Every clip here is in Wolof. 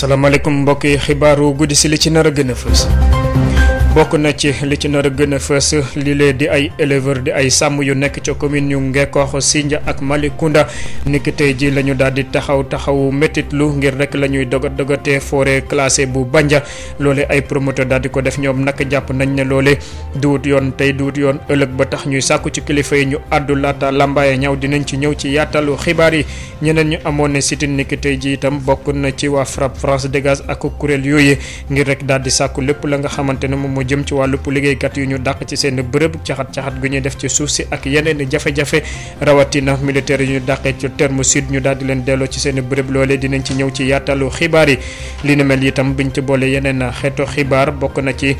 asalaamaaleykum mbokk yi xibaaru guddi si li ci nar a gën a fës. bokk na ci li ci nar a gën a fës li di ay éleveur di ay sàmm yu nekk ca commune yu Ngekoox Sindia ak Malicounda niki tey ji la ñu daal di taxaw taxaw métitlu ngir rek la ñuy dogat dogatee forêt classée bu Bandia loole ay promoteur daal di ko def ñoom nag jàpp nañ ne loole duut yoon tey duut yoon ëllëg ba tax ñuy sàkku ci kilifa yi ñu àddu laata làmbaaye ñaw dinañ ci ñëw ci yaatalu xibaar yi ñeneen ñu amoon ne sitin niki tey ji itam bokk na ci waa FRAPP France Dégage kuréel yooyu ngir rek mu jëm ci wàllu liggéeykat yu ñu dàq ci seen bërëb caxat-caxat gu ñuy def ci suuf si ak yeneen jafe-jafe rawatina militaire yu ñu dàqee ci terme sud ñu daal di leen delloo ci seen bërëb loolee dinañ ci ñëw ci yaatalu xibaar yi li ne mel itam buñ ci boole yeneen xeetu xibaar bokk na ci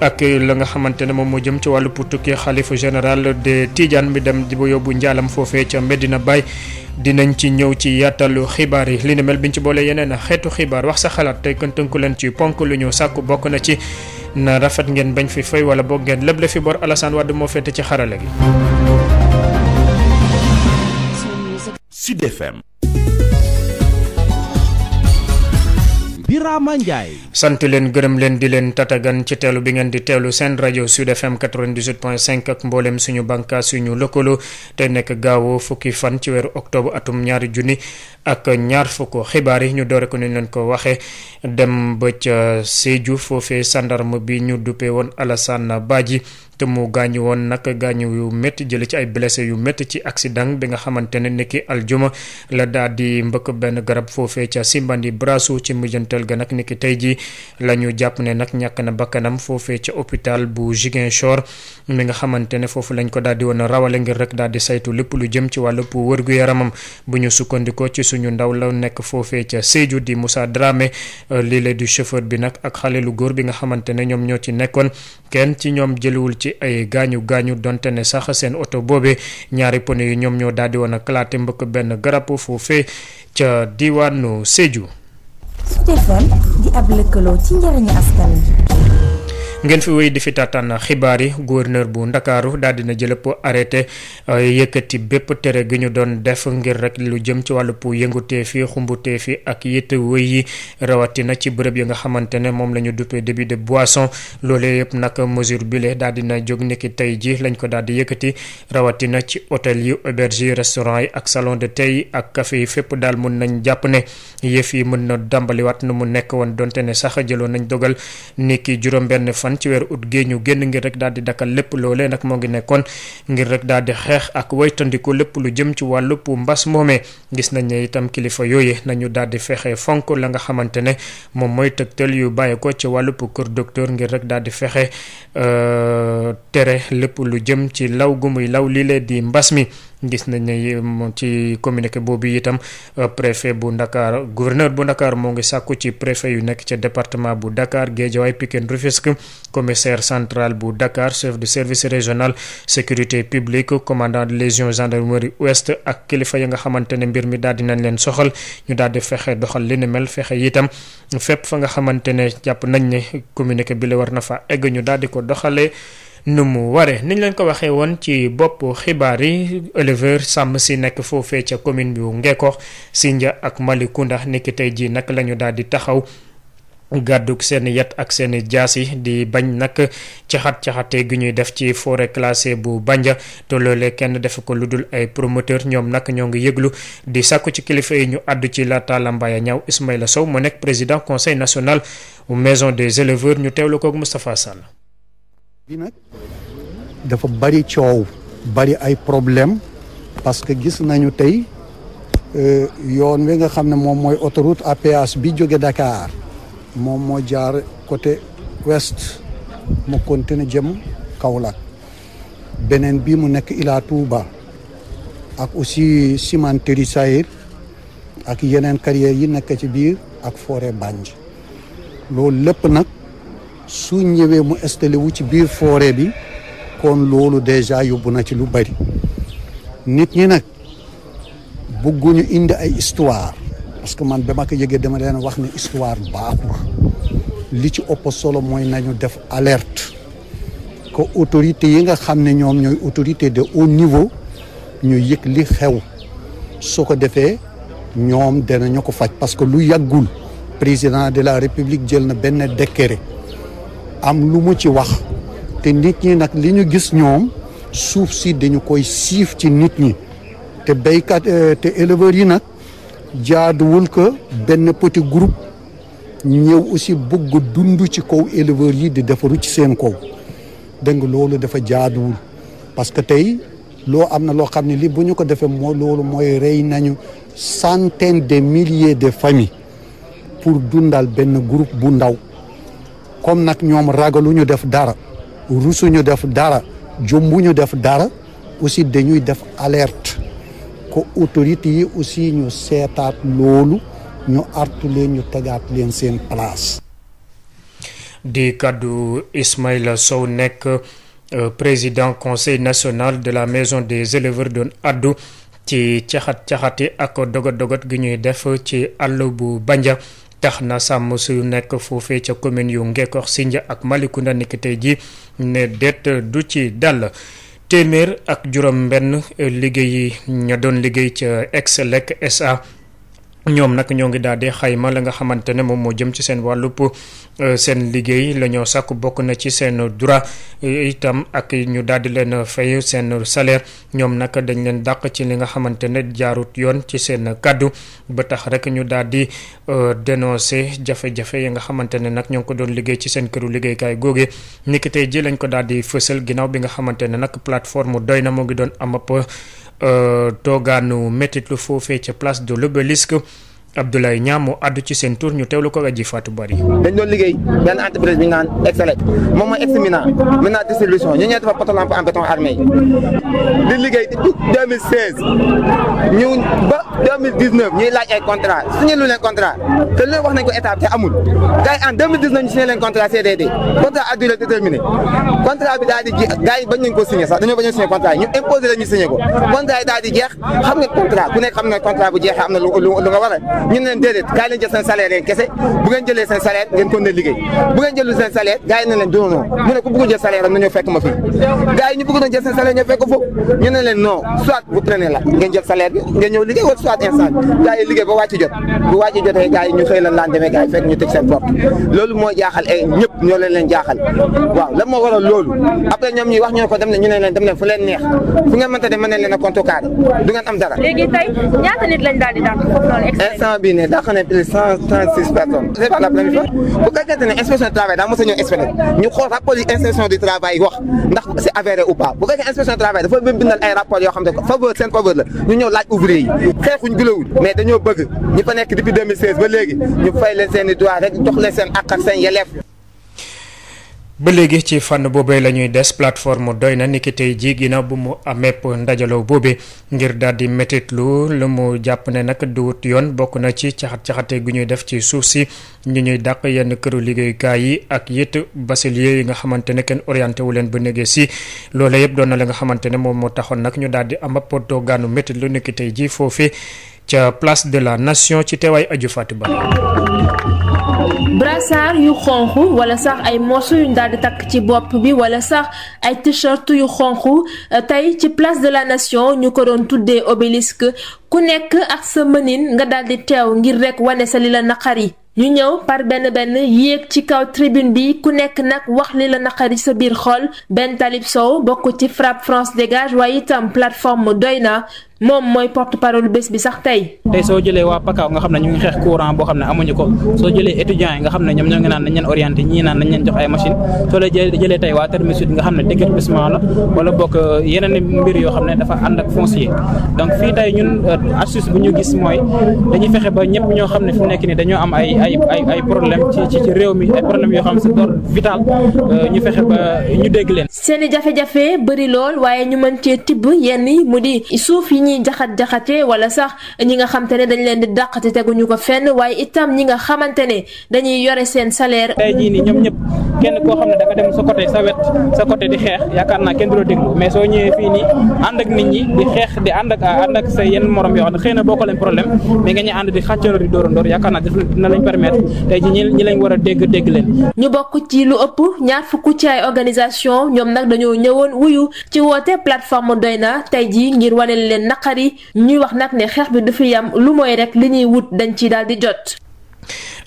ak la nga xamante ne moom moo jëm ci wàllu tukki xalifu général de Tidiane mi dem di ba yóbbu njaalam foofee ca Medina Baye dinañ ci ñëw ci yaatalu xibaar yi li ne mel biñ ci boole yeneen xeetu xibaar wax sa xalaat tey kon tënku leen ci ponk lu ñu sàkku bokk na ci na rafet ngeen bañ fi fay wala boog ngeen lépp la fi bor Alassane Wade moo féete ci xarala gi. Sud Birama Ndiaye. sant leen gërëm leen di leen tatagan ci teelu bi ngeen di teelu seen rajo Sud FM 98.5 ak mboolem suñu bànqaas suñu lëkkaloo te nekk gaawoo fukki fan ci weeru octobre atum ñaari junni ak ñaar fukk xibaar yi ñu doore ko ni leen ko waxe dem ba ca Sédhiou foofe sandarme bi ñu duppee woon Alassane Badji. te mu gaañu woon nag gaañu yu métti jële ci ay blessé yu métti ci accident bi nga xamante ne ni ki aljuma la daal di mbëkk benn garab foofee ca Simbandi Brassou ci mujjantal ga nag ni ki tey ji la ñu jàpp ne nag ñàkk na bakkanam foofee ca hôpital bu chor mi nga xamante ne foofu lañ ko daal di woon rawale ngir rek daal di saytu lépp lu jëm ci wàllub wërgu-yaramam bu ñu sukkandikoo ci suñu ndaw la nekk foofee ca Sédhiou di musa Dramé lii la du chauffeur bi nag ak xale góor bi nga xamante ne ñoom ñoo ci nekkoon ci ay gaañu gaañu donte ne sax seen oto boobe ñaari pono yi ñoom ñoo daal di woon a klaate mbëkk benn garab foofe ca diwaanu Sédhiou. Sud FM di ab lëkkaloo ci njëriñu askan ngeen fi wéy di fi taataan xibaar yi gouverneur bu ndakaaru daal dina jëlëpp arrêté euh, yëkkati bépp tere gi ñu doon def ngir rek lu jëm ci wàllu pour yëngutee fi xumbutee fi ak it wéy yi rawatina ci bërëb yi nga xamante ne moom la ñu duppee débit de boisson loole yëpp nag mesure bile daal dina jog niki tey ji lañ ko daal di yëkkati rawatina ci hôtel yi auberge yi restaurant yi ak salon de thé ak café yi fépp daal mun nañ jàpp ne yëf yi mën na dàmbaliwaat nu mu nekk donte sax jëloon nañ dogal fan ci weeru ut gée ñu génn ngir rek daal di dakkal lépp loole nag moo ngi nekkoon ngir rek daal di xeex ak waytandiku lépp lu jëm ci wàllu pu mbas moomee gis nañ ne itam kilifa yooyu nañu daal di fexe fonk la nga xamante ne moom mooy teg tëgtal yu bàyyi ko ci wàllu pu kër docteur ngir rek daal di fexe euh, tere lépp lu jëm ci law gu law lii lee di mbas mi gis nañ ne ci communiqué boobu itam euh, préfet bu Ndakaar gouverneur bu Ndakaar moo ngi sàkku ci préfet yu nekk ca département bu Dakar Guédiawaye Pikine Rufisque commissaire central bu Dakar chef de service régional sécurité publique commandant de légion gendarmerie ouest ak kilifa yi nga xamante ne mbir mi daal nañ leen soxal ñu daal di fexe doxal li ni mel fexe itam fépp fa nga xamante ne jàpp nañ ne communiqué bi war na egg ñu daal di ko doxalee nu mu waree niñ leen ko waxee woon ci bopp xibaar yi éleveur sàmm si nekk foofee ca commune bu Ngekoox Sindia ak Malicounda niki tey jii nag la daal di taxaw gàdduk seen yet ak seen jaas yi di bañ nag caxat-caxate gi ñuy def ci forêt classée bu Bandia te loolee kenn def ko lu dul ay promoteur ñoom nag ñoo ngi yëglu di sàkku ci kilifa yi ñu àddu ci laata lambaaya ñaaw Ismaïla Sow mu nekk président conseil national maison des éleveurs ñu teewlu ko ak Moustapha bi nag dafa bari coow bari ay problème parce que gis nañu tey euh, yoon wi nga xam ne moom mooy autoroute à bi jóge dakaar moom moo jaar côté west mu continue jëm Kaolack beneen bi mu nekk Ila Touba ak aussi cimenterie Saïr ak yeneen carrières yi nekk ci biir ak foore Banj loolu lépp nag su ñëwee mu installé wu ci biir forêt bi kon loolu déjà yóbbu na ci lu bari nit ñi nag bëgguñu indi ay histoire parce que man ba ma ko yëgee dama leen wax ni histoire baaxul li ci ëpp solo mooy nañu def alerte ko autorité yi nga xam ne ñoom ñooy autorité de haut niveau ñu yëg li xew su ko defee ñoom danañu ko faj parce que lu yàggul président de la république jël na benn décret am lu mu ci wax te nit ñi nag li ñu gis ñoom suuf si dañu koy siif ci nit ñi te béykat euh, te éleveurs yi nag jaaduwul ko benn petit groupe ñëw aussi bëgg dund ci kaw éleveurs yi di defaru ci seen kaw dégg nga loolu dafa jaaduwul parce que tey loo am na loo xam ne li bu ñu ko defee moo loolu mooy rey nañu centaine de milliers de familles pour dundal benn groupe bu ndaw comme nag ñoom ragaluñu def dara rusuñu def dara jombuñu def dara aussi dañuy def alerte ko autorité yi aussi ñu seetaat loolu ñu artu leen ñu tegaat leen seen place. di kaddu Ismaïla Sow nekk euh, président conseil nationale de la maison des éleveurs doon addu ci caxat caxati ak dogat dogat gi ñuy def ci àll bu banja tax na sàmm suyu nekk foofee ca commune yu si Sindia ak Malicounda nekk tey ji ne det du ci dal téeméer ak juróom benn liggéey yi ña doon liggéey ca Excelec SA ñoom nag ñoo ngi daal di xayma la nga xamante ne moom moo jëm ci seen wàllu wàllub euh, seen liggéey la ñoo sàkk bokk na ci seen droit euh, itam ak ñu daal di leen fay seen salaire ñoom nag dañ leen dàq ci li nga xamante ne jaarut yoon ci seen kàddu ba tax rek ñu daal di euh, dénoncer jafe-jafe yi nga xamante ne nag ñoo ngi ko doon liggéey ci seen këru liggéeykaay googe niki tey ji lañ ko daal di fësal ginnaaw bi nga xamante ne nag plateforme doy na moo ngi doon am Euh, toogaanu méttit lu foofee ca place de l'obélisque Abdoulaye Niang moo àddu ci seen tur ñu teewlu ko ak ji Bari. dañ doon liggéey benn entreprise bi ñu naan Excelec moom mooy Exmina Mina distribution ñu ñëw dafa poto lampe en béton armé yi di liggéey ñu ba ñuy laaj ay contrat signé lu leen contrat te lu wax nañ ko état te amul gars yi en 2019 ñu signé leen contrat CDD contrat à durée déterminée contrat bi daal jeex gars bañ nañ ko signé sax dañoo bañ a ñu imposé ñu signé ko contrat yi daal a ñu ne leen déedéet kaay leen jël seen salaire yéen kese bu ngeen jëlee seen salaire ngeen kon ne liggéey bu ngeen jëlul seen salaire yi ne leen doono mu ne ku bëgg jël salaire am na ñoo fekk ma fii gars yi ñu bëgg na jël seen salaire ñoo fekk foofu ñu ne leen non soit vous prenez la ngeen jël salaire bi ngeen ñëw liggéey wala soit instant gars yi liggéey ba wàcc jot bu ñu xëy lan laan demee fekk ñu tëj seen loolu moo jaaxal ay eh, ñëpp ñoo leen leen jaaxal waaw lan a instant ne dàq cent trente six personnes c'est la première fois bu fekkente ne inspection du travail daa mos a ñëw inspecté ñu xool rapport yi inspection du travail wax ndax c'est avéré ou pas bu fekkee inspection du travail dafa bindal ay rapport yoo xam ne faveur seen faveur la ñu ñëw laaj ouvrier yi xeexuñ gulawuñ bëgg ñi fa nekk depuis 2016 ba léegi ñu fay leen seen i droit rek jox leen seen ba léegi ci fànn boobe la ñuy des plateforme doy na niki tey jii ginnaaw bu mu amepp ndajaloo boobee ngir daal di métitlu lu mu jàpp ne nag duwut yoon bokk na ci caxat-caxate gu ñuy def ci suuf si ñu ñuy dàq yenn këru liggéeyukaay yi ak it bachelier yi nga xamante ne kenn orienté wu leen ba négee si loolu yëpp doon na la nga xamante ne moom moo taxoon nag ñu daal di am ab toogaanu métitlu niki jii foofee ca place de la nation ci teewaay aju Fatou Ba brassard yu xonq wala sax ay morceau yu ñu daal di takk ci bopp bi wala sax ay t yu xonq euh, tey ci place de la nation ñu ko doon tuddee obélisque ku nekk ak sa mënin nga daal di teew ngir rek wane sa li la naqar yi ñu ñëw par benn benn yéeg ci kaw tribune bi ku nekk nag wax li la naqari sa biir xol benn talib sow bokk ci FRAPP France dégage waaye itam plateforme doy na moom mooy porte parole bés bi sax tey. tey soo jëlee waa Pakaaw nga xam ne ñu ngi xeex courant boo xam ne amuñu ko soo jëlee étudiants yi nga xam ne ñoom ñoo ngi naan nañ leen orienté ñii naan nañ leen jox ay machine soo la jëlee tey waa Terme nga xam ne déguerpissement la wala bokk yeneen mbir yoo xam ne dafa ànd ak foncier donc fii tey ñun euh, astuce bu ñu gis mooy dañuy fexe ba ñëpp ñoo xam ne fi mu nekk nii dañoo am ay ay ay problème ci réew mi ay problème yoo xam ne c'est vital euh, ñu fexe ba ñu dégg ñiy jaxat-jaxate wala sax ñi nga xam ne dañ leen di dàqate teguñu ko fenn waaye itam ñi nga xamante ne dañuy yore seen salaire. tey kenn koo xam ne da nga dem sa côté sa wet sa côté di xeex yaakaar naa kenn du la déglu mais soo ñëwee fii nii ànd ak nit ñi di xeex di ànd ak ànd ak sa yenn morom yoo xam ne xëy na bokkoo leen problème mais nga ñu ànd di xàccandoor di dóorandoor yaakaar naa def dina lañ a dégg dégg ñu bokk ci lu ëpp ñaar fukk ci ay organisation ñoom nag dañoo ñëwoon wuyu ci woote plateforme doy na tey ji ngir wane leen naqari ñuy wax nag ne xeex bi du fi yam lu mooy rek li ñuy wut dañ ci daal di jot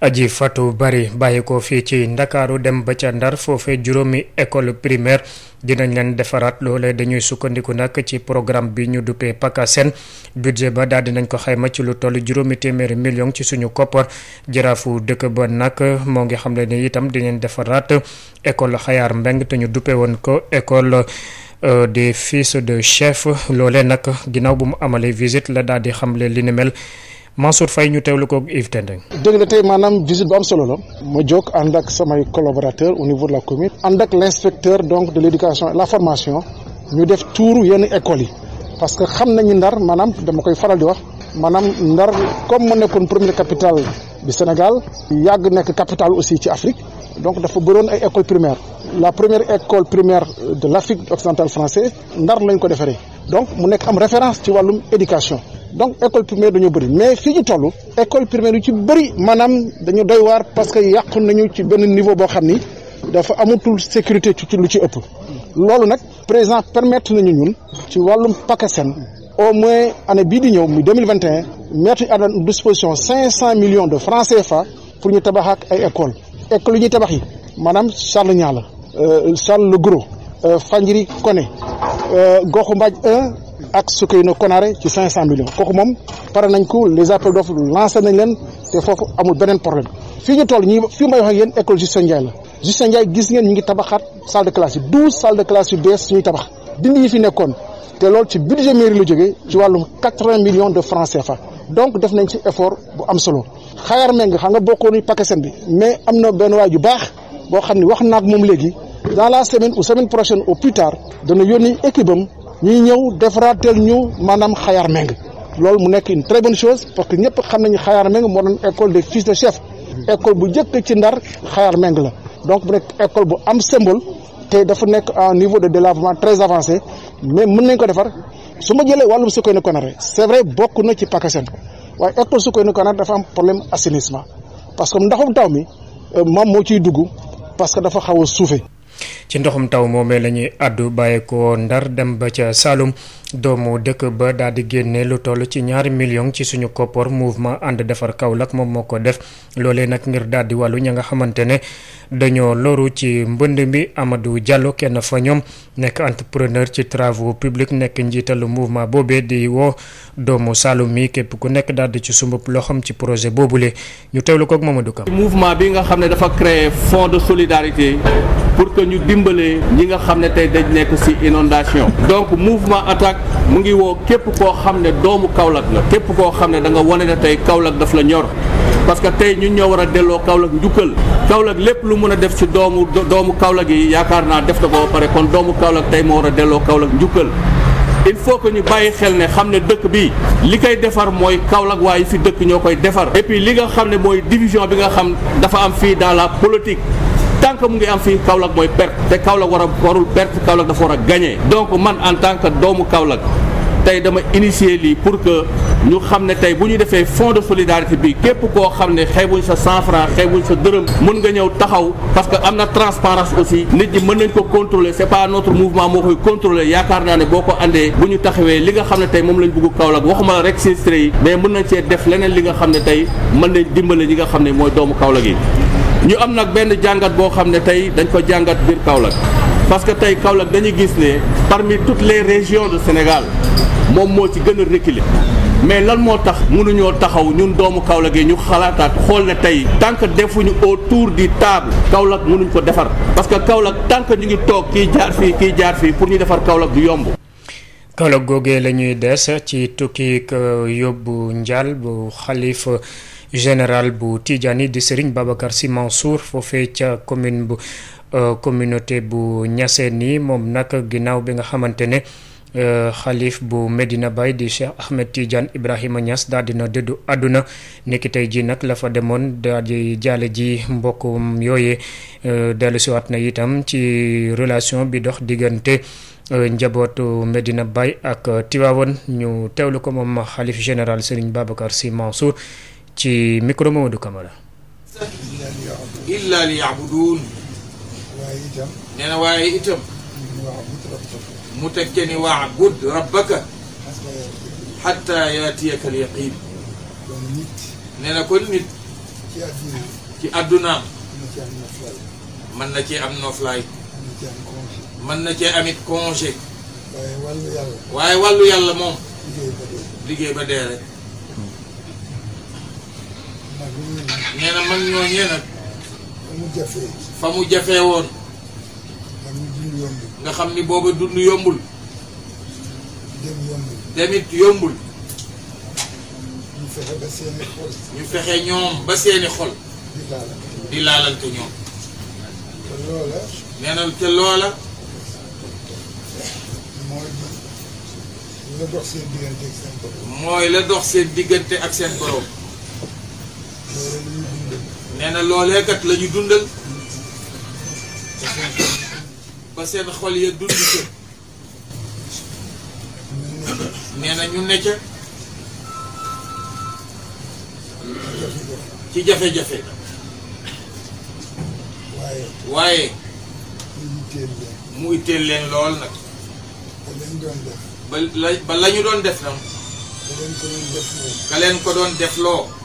aji fatu bari bàyyi ko fii ci ndakaaru dem ba ca ndar foofee juróomi école primaire dinañ leen defaraat loolee dañuy sukkandiku nag ci programme bi ñu duppee PACASEN budget ba daal nañ ko xayma ci lu toll juróomi téeméeri million ci suñu koppar jaraafu dëkk ba nag moo ngi xam le ni itam dinañ defaraat école xayaar mbeng te ñu duppee woon ko école euh, des fils de chef loolee nag ginnaaw bu mu amalee visite la daal di xamle li ni mel Mansour Faye ñu teewlu ko Yves Tendeng. dégg na tey maanaam visite bu am solo la. ma jóg ànd ak samay collaborateurs au niveau de la commune. ànd ak l' donc de l' éducation et la formation ñu def tuuru yenn école yi parce que xam nañu ndar maanaam dama koy faral di wax. maanaam ndar comme mu nekkoon première capitale du Sénégal yàgg nekk capitale aussi ci Afrique donc dafa bëroon ay école primaire la première école primaire de l' Afrique occidentale française ndar lañ ko defaree. donc mu nekk am référence ci wàllum éducation donc école primaire dañoo bëri mais fii ñu toll école primaire yu ci bëri maanaam dañu doy waar parce que yàqu nañu ci benn niveau boo xam ni dafa amatul sécurité ci lu ci ëpp. loolu nag président permettre nañu ñun ci wàllum PACASEN au moins année bii di ñëw muy deux vingt et un mettre à disposition cinq cent millions de francs CFA pour ñu tabax ak ay école écoles yu ñuy tabax yi maanaam Charles Niang la euh, Charles Le Gros. Euh, Fanjiri Koné euh, Goxu Mbaj 1 ak Sukeyno Konaré ci 500 millions kooku moom pare nañ ko les appels d'offres lancé nañ leen te foofu amul beneen problème fii ñu toll ñi fii may wax ak yéen école Justin Ndiaye la Justin Ndiaye gis ngeen ñu ngi tabaxaat salle de classe yi 12 salles de classe yu bees ñuy tabax dindi yi fi nekkoon te loolu ci budget mairie la jóge ci wàllum 80 millions de francs CFA donc def nañ ci effort bu am solo xayaar meng xam nga bokkoon ni bi mais am na benn waay ju baax boo xam ne wax naag moom léegi dans la semaine u semaine prochaine au plus tard dana yónni équipe am ñuy ñëw defaraatel ñu maanaam xayaar meng loolu mu nekk une très bonne chose parce que ñëpp xam nañu xayaar meng moo école des fils de école bu njëkk ci ndar xayaar meng la donc mu nekk école bu am symbole te dafa nekk à un niveau de développement très avancé mais mën nañ ko defar su ma jëlee wàllum Sokone Konaré c' est vrai bokk na ci Pakaseen waaye école Sokone Konaré dafa am problème assainissement parce que ndaxum taw mi euh, moom moo ciy dugg parce que dafa xaw a suufe ci ndoxum taw moomee la lañuy àddu bàyyeekoo ndar dem ba ca Saloum doomu dëkk ba daal di génne lu toll ci ñaari million ci suñu koppoor mouvement ànd defar Kaolack moom moo ko def loolee nag ngir daal di wàllu ña nga xamante ne dañoo loru ci mbënd mi Amadou Diallo kenn fa ñoom nekk entrepreneur ci travaux publics nekk njiitalu mouvement boobee di woo doomu Saloum mi képp ku nekk daal di ci sumbub loxam ci projet boobule ñu teewlu ko ak Mamadou Kam. mouvement bi nga xam ne dafa créer fonds de solidarité pour que ñu dimbalee ñi nga xam ne tey dañ nekk ci inondation donc mouvement attaque mu ngi woo képp koo xam ne doomu Kaolack la képp koo xam ne da nga wane ne tey Kaolack daf la ñor parce que tey ñun ñoo war a delloo Kaolack njukkal Kaolack lépp lu mën a def ci doomu doomu Kaolack yi yaakaar naa def na ko pare kon doomu Kaolack tey moo war a delloo Kaolack njukkal il faut que ñu bàyyi xel ne xam ne dëkk bi li koy defar mooy Kaolack waaye fi dëkk ñoo koy defar et li nga xam ne mooy division bi nga xam dafa am fii dans la politique tant que mu ngi am fii Kaolack mooy perte te Kaolack war a warul perte Kaolack dafa war a gagné donc man en tant que doomu Kaolack tey dama initier lii pour que ñu xam ne tey bu ñu defee fonds de solidarité bi képp koo xam ne xeebuñ sa 100 francs xeebuñ sa dërëm mën nga ñëw taxaw parce que am na transparence aussi nit ñi mën nañ ko contrôler c'est pas notre mouvement moo koy contrôler yaakaar naa ne boo ko àndee bu ñu taxawee li nga xam ne tey moom lañ bëgg Kaolack waxuma la rek sinistrés yi mais mën nañ cee def leneen li nga xam ne tey mën nañ dimbale ñi nga xam ne mooy doomu Kaolack yi ñu am nag benn jàngat boo xam ne tey dañ ko jàngat biir Kaolack parce que tey Kaolack dañuy gis ne parmi toutes les régions du Sénégal moom moo ci gën a reculé mais lan moo tax mënuñoo taxaw ñun doomu Kaolack yi ñu xalaataat xool ne tey tant que defuñu autour du table Kaolack mënuñ ko defar parce que Kaolack tant que ñu ngi toog kii jaar fii kii jaar fii pour ñu defar Kaolack du yomb. Kaolack googee lañuy ñuy des ci tukki euh, yóbbu njaal bu xalifa général bu yi di Serigne Babacar Sy Mansour foofee ca commune bu euh, communauté bu Niassène yi moom nag ginnaaw bi nga xamante ne euh, xalif bu Medina Baye di Cheikh Ahmed Tidiane Ibrahima ñas daal dina dëddu àdduna nekki tey jii nag la fa demoon daal di jaale ji mbokkum yooyee euh, dellusiwaat na itam ci relation bi dox diggante njabootu Medina Baye ak Tivaouane ñu teewlu ko moom xalif général Serigne Babacar Sy Mansour ci micro Mamadou Camara. illa li yaabuduun. waaye itam. mu teg ca ni waabud rabbaka. xatta yaatiyaka alyaqiin. nee na kon nit. ci àddunaam. mën na cee am noflaay. mën na cee amit congé. waaye wàllu yàlla. moom. liggéey ba dee nee na mag ñooñee fa mu jafee. fa mu jafee woon. nga xam ni booba dund yombul. dem yombul. demit yombul. ñu fexe ba ñoom ba seeni xol. di laalal ko laalante ñoom. na te mooy la dox seen diggante ak seen borom. nee na loolee kat la ñu dundal ba seen xol ya dund ca nee ñu ne ci jafe-jafe waaye mu itteel leen lool nag ba la ñu doon def nag ka leen ko doon def loo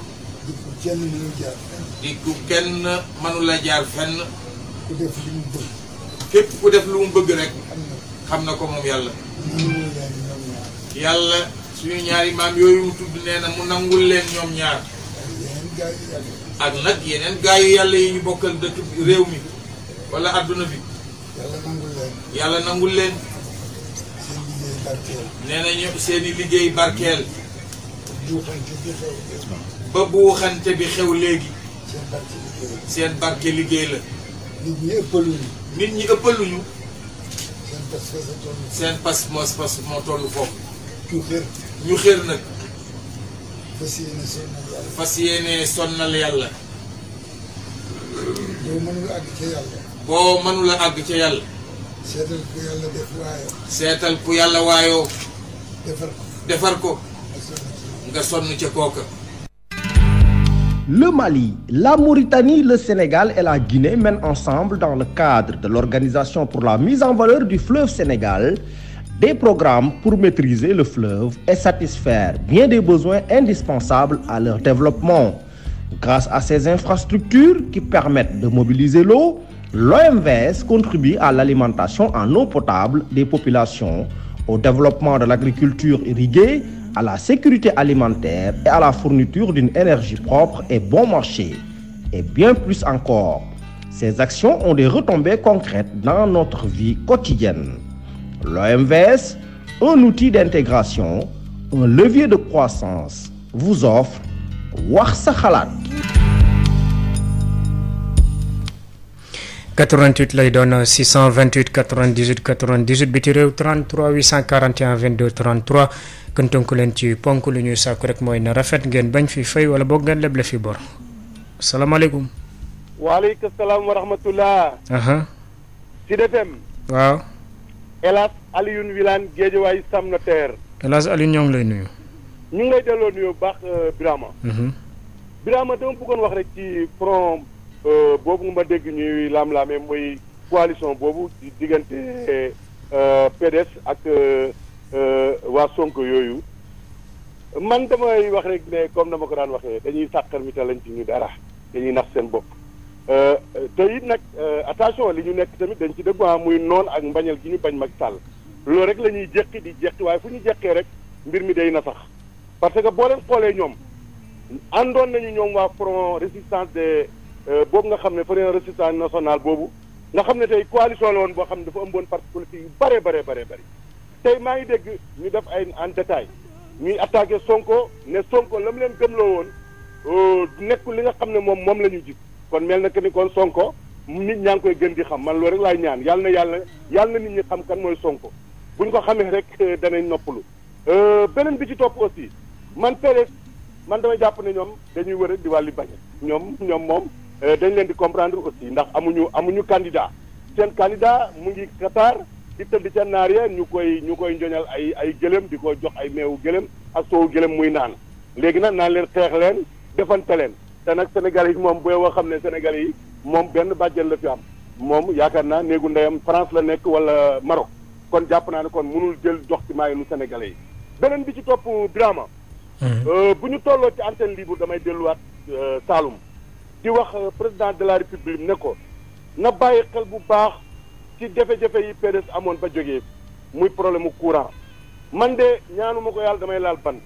kenn mënu di ku kenn mënu la jaar fenn. ku def li mu bëgg. képp ku def lu mu bëgg rek. xam na ko moom yàlla. yàlla suñu ñaari maam yooyu mu tudd nee na mu nangul leen ñoom ñaar. ak nag yeneen gaa yàlla yi ñu bokkal dëkk réew mi wala adduna bi. yàlla nangul leen. yàlla nangul liggéey barkeel. ba buuxante bi xew léegi. seen barke liggéey la. nit ñi ëppaluñu. nit ñi ëppaluñu. seen pas mos pas moo toll foofu. ñu xër. ñu xër nag. fas yéene sonnal yàlla. fas yéene sonnal boo mënula àgg ca yàlla. boo mënula àgg ca yàlla. seetal ku yàlla waayoo. seetal ko defar ko. nga sonn ca kooka. Le Mali, la Mauritanie, le Sénégal et la Guinée mènent ensemble dans le cadre de l'Organisation pour la mise en valeur du fleuve Sénégal des programmes pour maîtriser le fleuve et satisfaire bien des besoins indispensables à leur développement. Grâce à ces infrastructures qui permettent de mobiliser l'eau, l'OMVS contribue à l'alimentation en eau potable des populations, au développement de l'agriculture irriguée, à la sécurité alimentaire à la fourniture d'une énergie propre et bon et bien plus encore. Ces actions ont des retombées concrètes dans notre vie de croissance, vous offre Wax sa xalaat 88 lay doon 628 98 98 biti réew kon tënku leen ci ponk lu ñuy sàkku rek mooy na rafet ngeen bañ fi fay wala boog ngeen leble fi bor salaamaaleykum. waaleykum salaam wa rahmatullah. Sud géej waaw. El Hadj Alioune Wilane Guédiawaye Sam Notaire. El Hadj lay nuyu. ñu ngi lay delloo nuyu baax euh, Birama. Mhm. Birama dama bëggoon wax rek ci front euh, boobu nga ma dégg ñuy laam-laamee muy coalition boobu diggante euh, PDS ak. Euh, waa Sonko yooyu man damay wax rek ne comme dama ko daan waxee dañuy sàqar mi lañ ci ñu dara dañuy nax seen bopp euh, te yit nag euh, attention li ñu nekk tamit dañ ci dëggu ah, muy noon ak mbañal gi ñu bañ mag sàll loolu rek lañuy ñuy di jeqi waaye fu ñu jekkee rek mbir mi dey na sax parce que boo leen xoolee ñoom àndoon nañu ñoom waa front résistance des boobu nga xam ne front résistance nationale boobu nga xam ne tey coalition la woon boo xam ne dafa ëmboon parti politique yu bare bare bare bëri tey maa ngi dégg ñu def ay en détail ñuy attaqué Sonko ne Sonko la mu leen gëmloo woon euh, nekkul li nga xam ne moom moom la ñu gis kon mel na que ni kon Sonko nit ñaa ngi koy gën di xam man loolu rek laay ñaan yàlla na yàlla yàlla na nit ñi xam kan mooy Sonko bu ñu ko xamee rek euh, danañ noppalu. Euh, beneen bi ci topp aussi man PDS man damay jàpp ne ñoom dañuy wër di wàlli bañ ñoom ñoom moom dañ leen di comprendre aussi ndax amuñu amuñu candidat seen candidat mu ngi di tëdd ca naar ya ñu koy ñu koy njoñal ay ay gëlëm di ko jox ay meewu gëlëm ak soowu gëlëm muy naan léegi nag naan leen xeex leen defante leen te nag Sénégal yi moom boo xam ne Sénégal yi moom benn bàjjen la fi am moom yaakaar naa néegu ndeyam France la nekk wala Maroc kon jàpp naa ne kon mënul jël jox ci maayu nu Sénégalais yi beneen bi ci topp drama hmm. euh, bu ñu tolloo ci antenne libre damay delluwaat euh, Saloum di wax euh, président de la République ne ko na bàyyi xel bu baax ci jafe-jafe yi PDS amoon ba jógee muy problème mu courant man de ñaanu ma ko yàlla damay laal ban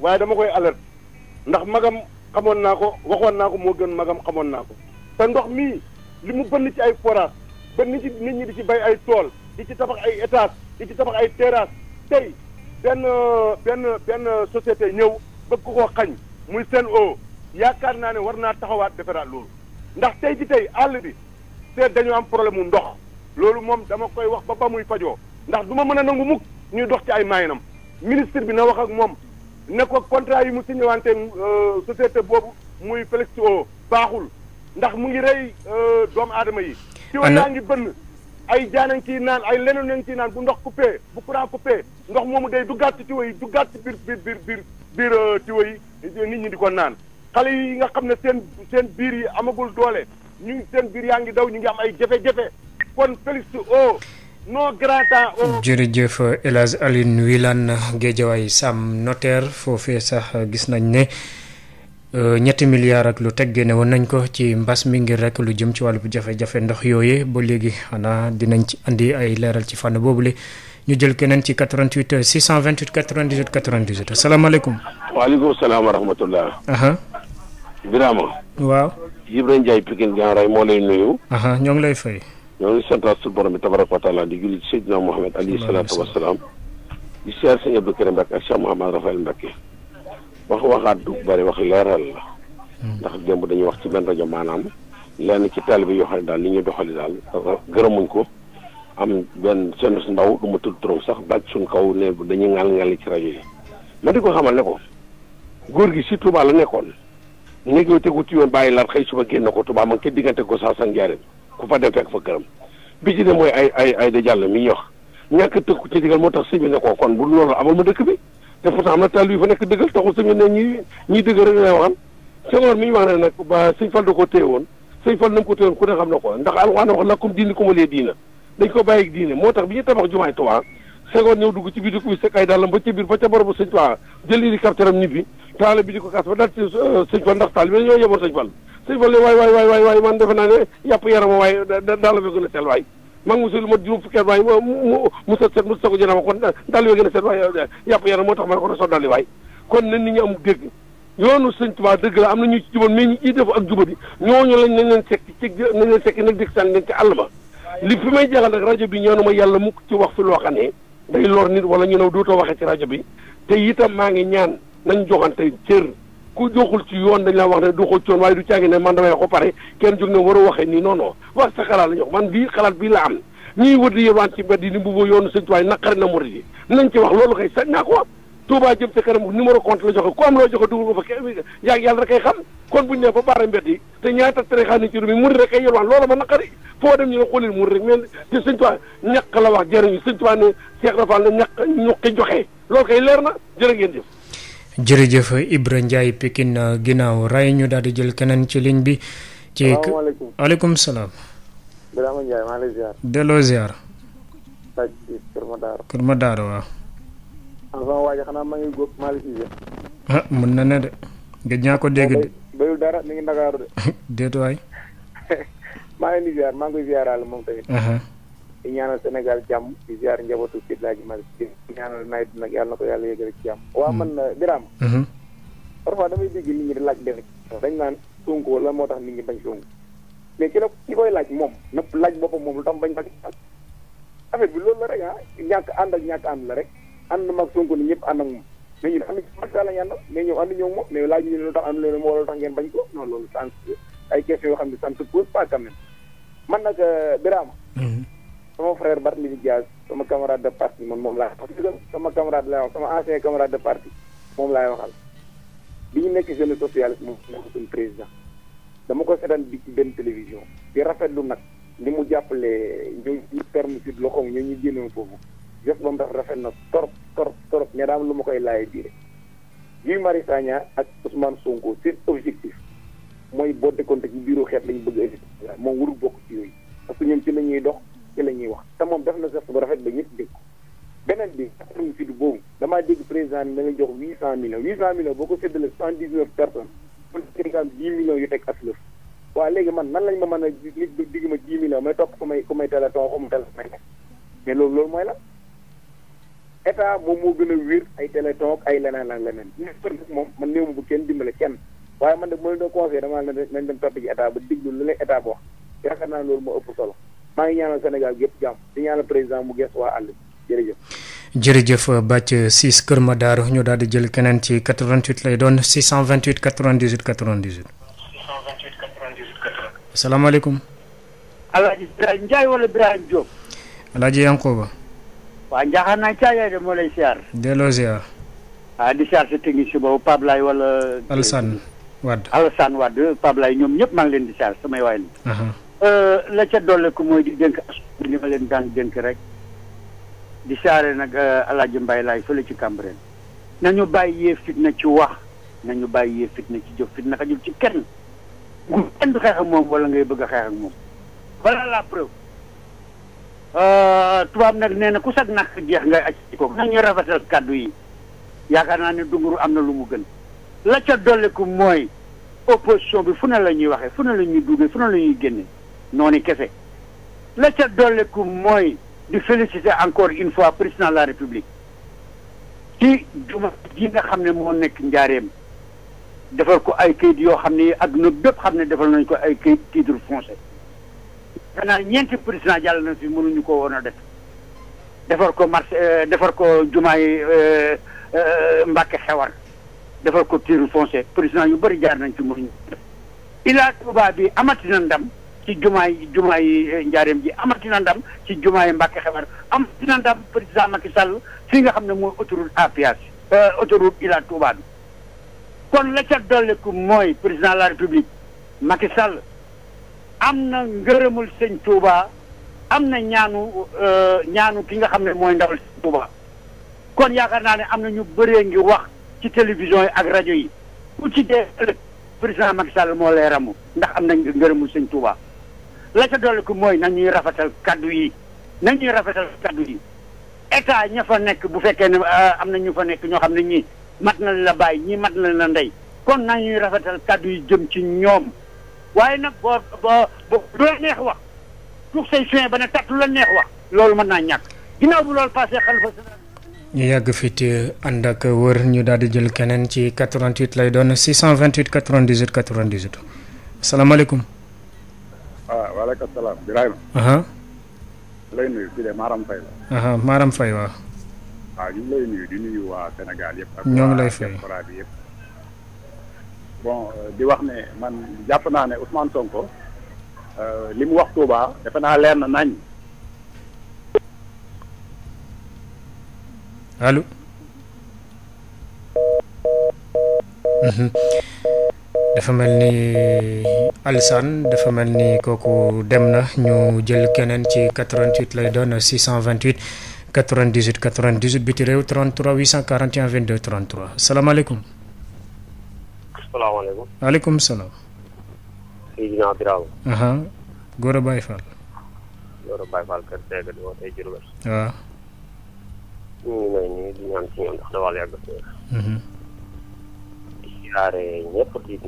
waaye dama koy alerte ndax magam xamoon naa ko waxoon naa ko moo gën magam xamoon naa ko te ndox mii li mu bënn ci ay forage bënn ci nit ñi di ci bay ay tool di ci tabax ay étage di ci tabax ay terrasse tey benn benn benn société ñëw bëgg ko koo xañ muy seen o yaakaar naa ne war naa taxawaat defaraat loolu ndax tey ji tey àll bi seet dañu am problème mu ndox loolu moom dama koy wax ba ba muy fajoo ndax duma mën a nangu mukk ñuy dox ci ay maayinam ministre bi na wax ak moom ne ko contrat yi mu signé wante euh, société boobu muy o baaxul ndax mu ngi rey euh, doomu adama yi. ana si yaa ngi bënn ay jaan a ciy naan ay leneen a ciy naan bu ndox coupé bu courant coupé ndox moomu day duggaat ci tiwo yi duggaat ci biir biir biir biir euh, tiwo yi nit ñi di ko naan xale yi nga xam ne seen seen biir yi amagul doole ñu seen biir yaa ngi daw ñu ngi am ay jafe kon Félix O non grand temps o jërëjëf El Hadj Alioune notaire foofee sax gis nañ ne euh, ñetti milliards ak lu teg génne woon nañ ko ci mbas mi ngir rek lu jëm ci wàllu jafe-jafe ndox yooye ba léegi xanaa dinañ ci andi ay leeral ci fànn boobule ñu jël keneen ci 88 628 98 98 asalaamaaleykum. waaleykum salaam wa rahmatullah. Birama. waaw. Ibrahima Ndiaye Pikine Grand Ray moo lay nuyu. ñoo ngi lay fay. ñoo ngi santaat su borom bi tabaraka wa taala di julli Seydina Mouhamed alayhi salaatu wasalaam di siyaar sëñ Abdou Karim Mbacke ak Cheikh Mouhamad Rafael Mbacke wax waxaat du bëri wax leeral la hmm. ndax démb dañuy wax ci benn rajo maanaam lenn ci taalibe yoo xam ne daal li ñuy doxali daal euh, gërëmuñ ko am benn seen ndaw du ma tudd turam sax daaj suñ kaw ne dañuy ŋal ŋal ci rajo yi ma di ko xamal ne ko góor gi si Touba la nekkoon néeg yooyu tegu ci yoon bàyyi laat xëy suba génn ko Touba ma ngi diggante ko saa san jaarem ku fa dem fekk fa këram bi ci ne mooy ay ay ay da jàll mi ñox ñàkk tëkku ci digal moo tax sëñ bi ne ko kon bu loolu amal ma dëkk bi te pourtant am na taal yu wax ne nag ba sëñ Fall dañ ko bàyyi diine moo tax bi ñu tabax jumaay Tuubaa Senghor ñëw dugg ci biir dëkk bi sekkaay dàllam ba ca biir ba ca borobu sëñ Tuubaa jël di kaptaram ñibbi taale bi di ko kaas ba daal euh, sëñ Fall ndax taal bi ñoo yeboon sëñ sëñ Fallu waay waay waay waay man defe naa ne yàpp yarama waay daal bi a sel waay maa ngi musul ma juróom fukki at waay mu mu set set mu sako jënama yàpp yaram moo tax ma ne ko na sol daal waay kon na nit ñi am dégg yoonu sëñ Tuubaa dëgg la am na ñu ci juboon mais ñi ciy def ak jubadi ñooñu lañ nañ leen sekki ci nañ sekki nag dégg sànni leen ci àll ba li fi may jeexal nag rajo bi ñaanu ma yàlla mukk ci wax fi loo xam ne day lor nit wala ñu new dootoo waxee ci rajo bi te itam maa ngi ñaan nañ joxante cër ku doxul ci yoon dañ laa wax ne doxul ci yoon waaye du caangi ne man damay wax ko pare kenn jóg ne war a waxee nii non non wax sa xalaat la ñu wax man bii xalaat bii la am ñuy wër di ci mbedd yi ni mbubu yoonu sëñ tuwaay naqari na murid yi nañ ci wax loolu kay sañ naa ko wax Touba jëm sa kanam numéro compte am loo joxe dugal ko fa yaag yàlla rek ba baara mbedd yi xam ni ci réew mi murid rek kay yelwaan loolu ma naqari foo dem ñu ne xoolil murid rek mais te sëñ tuwaay la wax jëriñu sëñ tuwaay ne Cheikh Rafal ne ñàkk ñuqi joxe loolu na jërë ngeen jërëjëf Ibra Ndiaye Pikine uh, ginnaaw ray ñu daal di jël keneen ci ligne bi. ci salaamaaleykum aleykum salaam. Birama Ndiaye Kër Madaro. Kër waaw. Ah, ah, mën na ne de. gëj naa ko dégg de. Ah, bayul dara mi ngi Ndakaaru de. déet waay. maa ngi lay ziar maa ngi koy ziaraale moom tamit. di ñaanal Sénégal jàmm di ziar njabootu si laaj Malick di ñaanal nawet bi nag yàlla na ko yàlla yëgal ci jàmm. waa man na mm-hmm. Birame. Mm-hmm. parfois damay dégg nit ñi di laaj benn dañ naan Sonko la moo tax nit ñi bañ Sonko mais ki la ki koy laaj moom na laaj boppam moom lu tax bañ Macky Sall affaire bi loolu la rek ah ànd ak ñàkk ànd la rek ànd maag Sonko ni ñëpp ànd na Macky Sall la ñu àndal mais ñoom ànd ñoom moom laaj ñu lu tax ànd ngeen bañ ko non loolu sans ay questions yoo xam ne ça ne se pose pas quand man nag euh, Birame mm-hmm. sama frère Barthélémy Dias sama camarade de parti man moom laay wax sama camarade laay wax sama ancien de parti moom laay waxal bi ñu nekk jeune socialiste moom nekk suñu président dama ko seetaan bi ci benn télévision di rafetlu nag li mu jàppale ñooñu ñu terme si ñu génnoon foofu geste ba mu rafet na torop torop torop mais lu ma koy laay biire Guy Marius Sagna ak Ousmane Sonko seen objectif mooy boo décompté ci biiru xeet lañu bëgg a moom warul bokk ci yooyu parce que ñoom ci la ñuy dox ci la ñuy wax te moom def na geste bu rafet ba ñëpp dégg ko beneen bi amuñu boobu damaa dégg président na da nga jox huit cent millions huit cent millions boo ko séddale cent dix neuf personnes mun Sénégal dix millions yu teg aslëf waaw léegi man nan lañ ma mën a nit du digg ma dix millions may topp ku may ku may téléthon xamu téléthon may nekk mais loolu mooy la état moom moo gën a wér ay téléthon ak ay leneen ak leneen nag moom man néew ma bu kenn dimbale kenn waaye man nag mënu doon conseillé damaa nañ ba diglu lu leen état naa loolu moo ëpp solo maa ngi ñaanal Sénégal yëpp jàmm di ñaanal président mu gees waa àll bi jërëjëf. jërëjëf Bathie Ciss Kër Madar ñu daal di jël keneen ci 88 lay doon 628 98 98. 628 98 98. asalaamaaleykum. El Hadj Birame Ndiaye wala Birame Diop. El Hadj Yankoba. waa njaaxaan naa caayaay de moo lay siyaar. delloo siyaar. ah di siyaar si technicien boobu Pape Laye wala. Alassane Wade Alassane Wade Pape Laye ñoom ñëpp maa ngi leen di siyaar samay waay la. Euh, la ca dolleeku mooy di dénk as li ma leen daan dénk rek di saare nag euh, alaaji mbay laay fële ci Cambérène nañu bàyyi yee fitna ci wax nañu bàyyi yee fitna ci jëf fitna xajul ci kenn gu kenn du xeex moom wala ngay bëgg a xeex moom voilà la preuve euh, tubaab nag nee na ku sag nak jeex ngay aj ci ko nañu rafetal kàddu yi yaakaar naa ne dunguru am na lu mu gën la ca ku mooy opposition bi fu ne la ñuy waxee fu ne la ñuy duggee fu ne la ñuy génne noonu kese la ca dolleku mooy di féliciter encore une fois président la république ci juma ji nga xam ne moo nekk njaareem defal ko ay kayit yoo xam ne adduna bépp xam ne defal nañ ko ay kayit titre foncier naa ñeenti président jàll na fi mënuñu ko woon a def defar ko marché euh, defar ko juma jumaay euh, euh, Mbàkke xewar defal ko titre foncier président yu bëri jaar nañ ci mënuñu ilaa Tuubaa bi amati na ndam ci yi jumaay yi eh, njaareem ji amati na ndam ci jumaa Mbàkke Xewar amati am ndam président Macky Sall fi nga xam ne mooy autoroute à péage eh, autoroute Ila Touba bi kon la ca dolleku mooy président de la république Macky Sall am na ngërëmul sëñ Touba am na ñaanu eh, ñaanu ki nga xam ne mooy ndawal sëñ Touba kon yaakaar naa ne am na ñu bëree ngi wax ci télévision yi ak rajo yi ci dee ëllëg président Macky Sall moo lay ramu ndax am na ngërëmul sëñ Touba la ca dolli ko mooy nag ñuy rafetal kàddu yi na ñuy rafetal kaddu yi état ña fa nekk bu fekkee ne ah, am na ñu fa nekk ñoo xam ne ñii mat na la bàyyi ñii mat na la ndey kon na ñuy rafetal kaddu yi jëm ci ñoom waaye nag boo boo la neex wax tuux say fin ba ne tàttu la neex wax loolu mën naa ñàkk ginnaaw bu loolu passé xalifa ñu yàgg fii te ànd ak wër ñu daal di jël keneen ci 88 lay doon 628 98 98 asalaamaaleykum. waaleykum salaam Birahima. lay nuyu fii de Maram Faye la. Maram Faye waaw. waaw ñu ngi nuyu di nuyu waa Sénégal yëpp. ñoo ngi lay fay bon euh, di wax ne man jàpp naa ne Ousmane Sonko euh, li mu wax Touba defe naa leer na nañ. allo. Mhm. dafa mel ni Alisane dafa mel ni kooku dem na ñu jël keneen ci 88 lay doon 628 98 98 biti réew 33 841 22 33 salaamaaleykum. salaamaaleykum. maaleykum salaam. Seydina Birame. Gora Baye Fall. Gora Baye Fall kër Sega di wootee Diourbel. waaw. ñu ngi lay nuyu di ñaan ci ñoom ndax dawal siyaare ñëpp di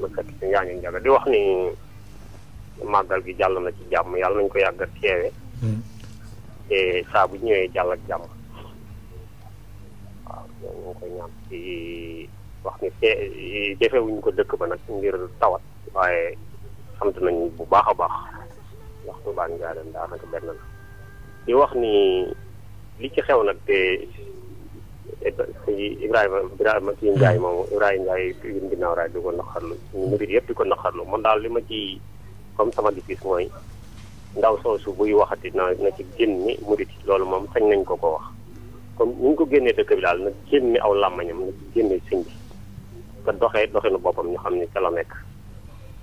wax ni màggal gi jàll na ci jàmm yàlla nañu ko yàgg a hmm. te saa bu ñëwee jàll ak jàmm waaw ñu ngi koy ci wax ni te jëfewuñu ko dëkk ba nag ngir tawat waaye sant nañ bu baax a baax wax baan ngaa dem daanaka benn la di wax ni li ci xew nag te si Ibrahima Ibrahima kii Ndiaye moom Ibrahima Ndiaye yun ginnaaw raay di ko naqarlu ñu murid yëpp di ko naqarlu man daal li ma ci comme sama gis-gis mooy ndaw soosu buy waxati na na ci génne murid loolu moom sañ nañ ko ko wax comme ñu ko génnee dëkk bi daal na génne aw làmmañam na ci génne sëñ bi te doxee doxinu boppam ñu xam ne ca la nekk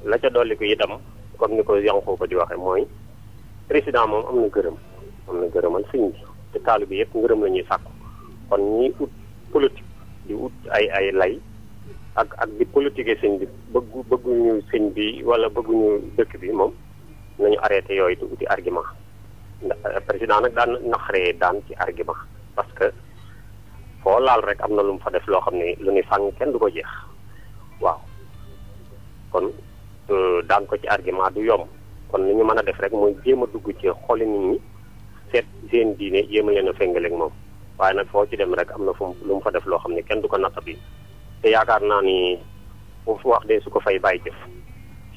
la ca dolli ko itam comme ni ko yanqoo ko di waxe mooy président moom am na gërëm am na gërëmal sëñ bi te bi yëpp ngërëm la ñuy sàkku kon ñiy ut politique di ut ay ay lay ak ak di politique sëñ bi bëggu bëgguñu sëñ bi wala bëgguñu dëkk bi moom nañu arrêté yooyu di uti argument ndax président nag daan naqaree daan ci argument parce que foo laal rek am na lu mu fa def loo xam ne lu ñuy fàng kenn du ko jeex waaw kon euh, daan ko ci argument du yomb kon li ñu mën a def rek mooy jéem a dugg ci xooli nit ñi seet seen diine jéem a leen a moom waaye nag foo ci dem rek am na fu lu mu fa def loo xam ne kenn du ko nattabi te yaakaar naa ni foofu wax dee su ko fay bàyyi jëf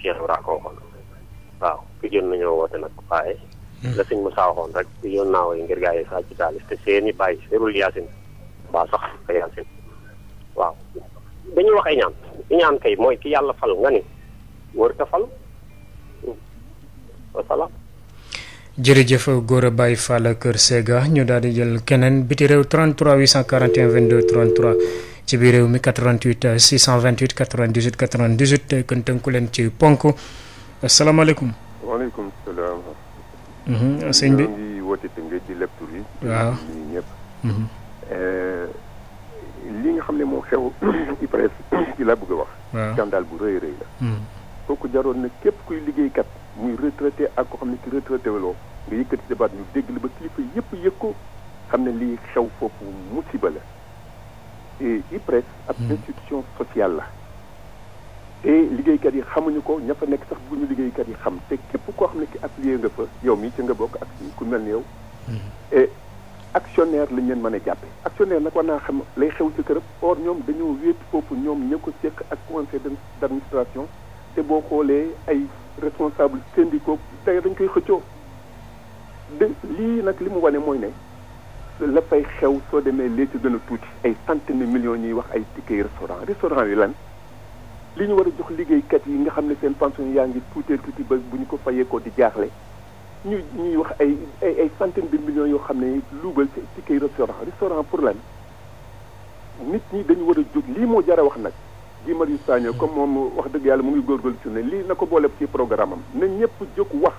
Cheikh Ibra ko waxoon waaw ki jën nañoo woote nag waaye hmm. la sëñ Moussa waxoon rek ki naa woy ngir gaa yi saa ci taalis te seeni bàyyi seerul yaasin waa sax ka yaasin waaw dañuy wax ay ñaan iñaan kay mooy ki yàlla fal nga ni wër ka fal wasalaam jërëjëf Gora Baye Fall Kër Sega ñu daal di jël keneen biti réew 33 841 22 33 ci biir réew mi 88 628 98 98 kon tënku leen ci ponk asalaamaaleykum. waaleykum salaam. Mhm, sëñ bi ñoo ngi woote Tëngéej di lépp tur yi. waaw ñun ñëpp. Mhm. Eh, li nga xam ne moo xew ci laa bëgg a wax. waaw bu rëy rëy la. Mhm. kooku jaroon na muy retraité ak ko xam ne ci retraité waloo nga yëkkati débat ñu dégg la ba kilifa yëpp yëg ko xam ne lii xew foofu musiba la et IPRES ab hmm. institution sociale la te liggéeykat yi xamuñu ko ña nekk sax buñu liggéeykat yi xam te képp ko xam ne ki appuyé nga fa yow mii ci nga bokk ak ku mel ni yow hmm. et actionnaire lañ leen mën a jàppe actionnaire nag war naa xam lay xew ci këram or ñoom dañoo wéet foofu ñoom ña ko séq ak conseil d'administration te boo xoolee ay responsable syndicaux tey dañ koy xëccoo de lii nag li mu wane mooy ne la fay xew soo demee lee ci gën tuuti ay centaine millions ñuy wax ay ticket restaurant restaurant yi lan li ñu war a jox liggéeykat yi nga xam ne seen pension yaa ngi tuutee tuuti ba bu ñu ko fayee ko di jaaxle ñu ñuy wax ay ay ay centaine de millions yoo xam ne luubal ci ticket restaurant restaurant pour lan nit ñi dañu war a jóg lii moo jar a wax nag Guy Marius Sagna comme moom wax dëgg yàlla mu ngi góorgóorlu ci ne lii na ko boole ci programme am na ñëpp jóg wax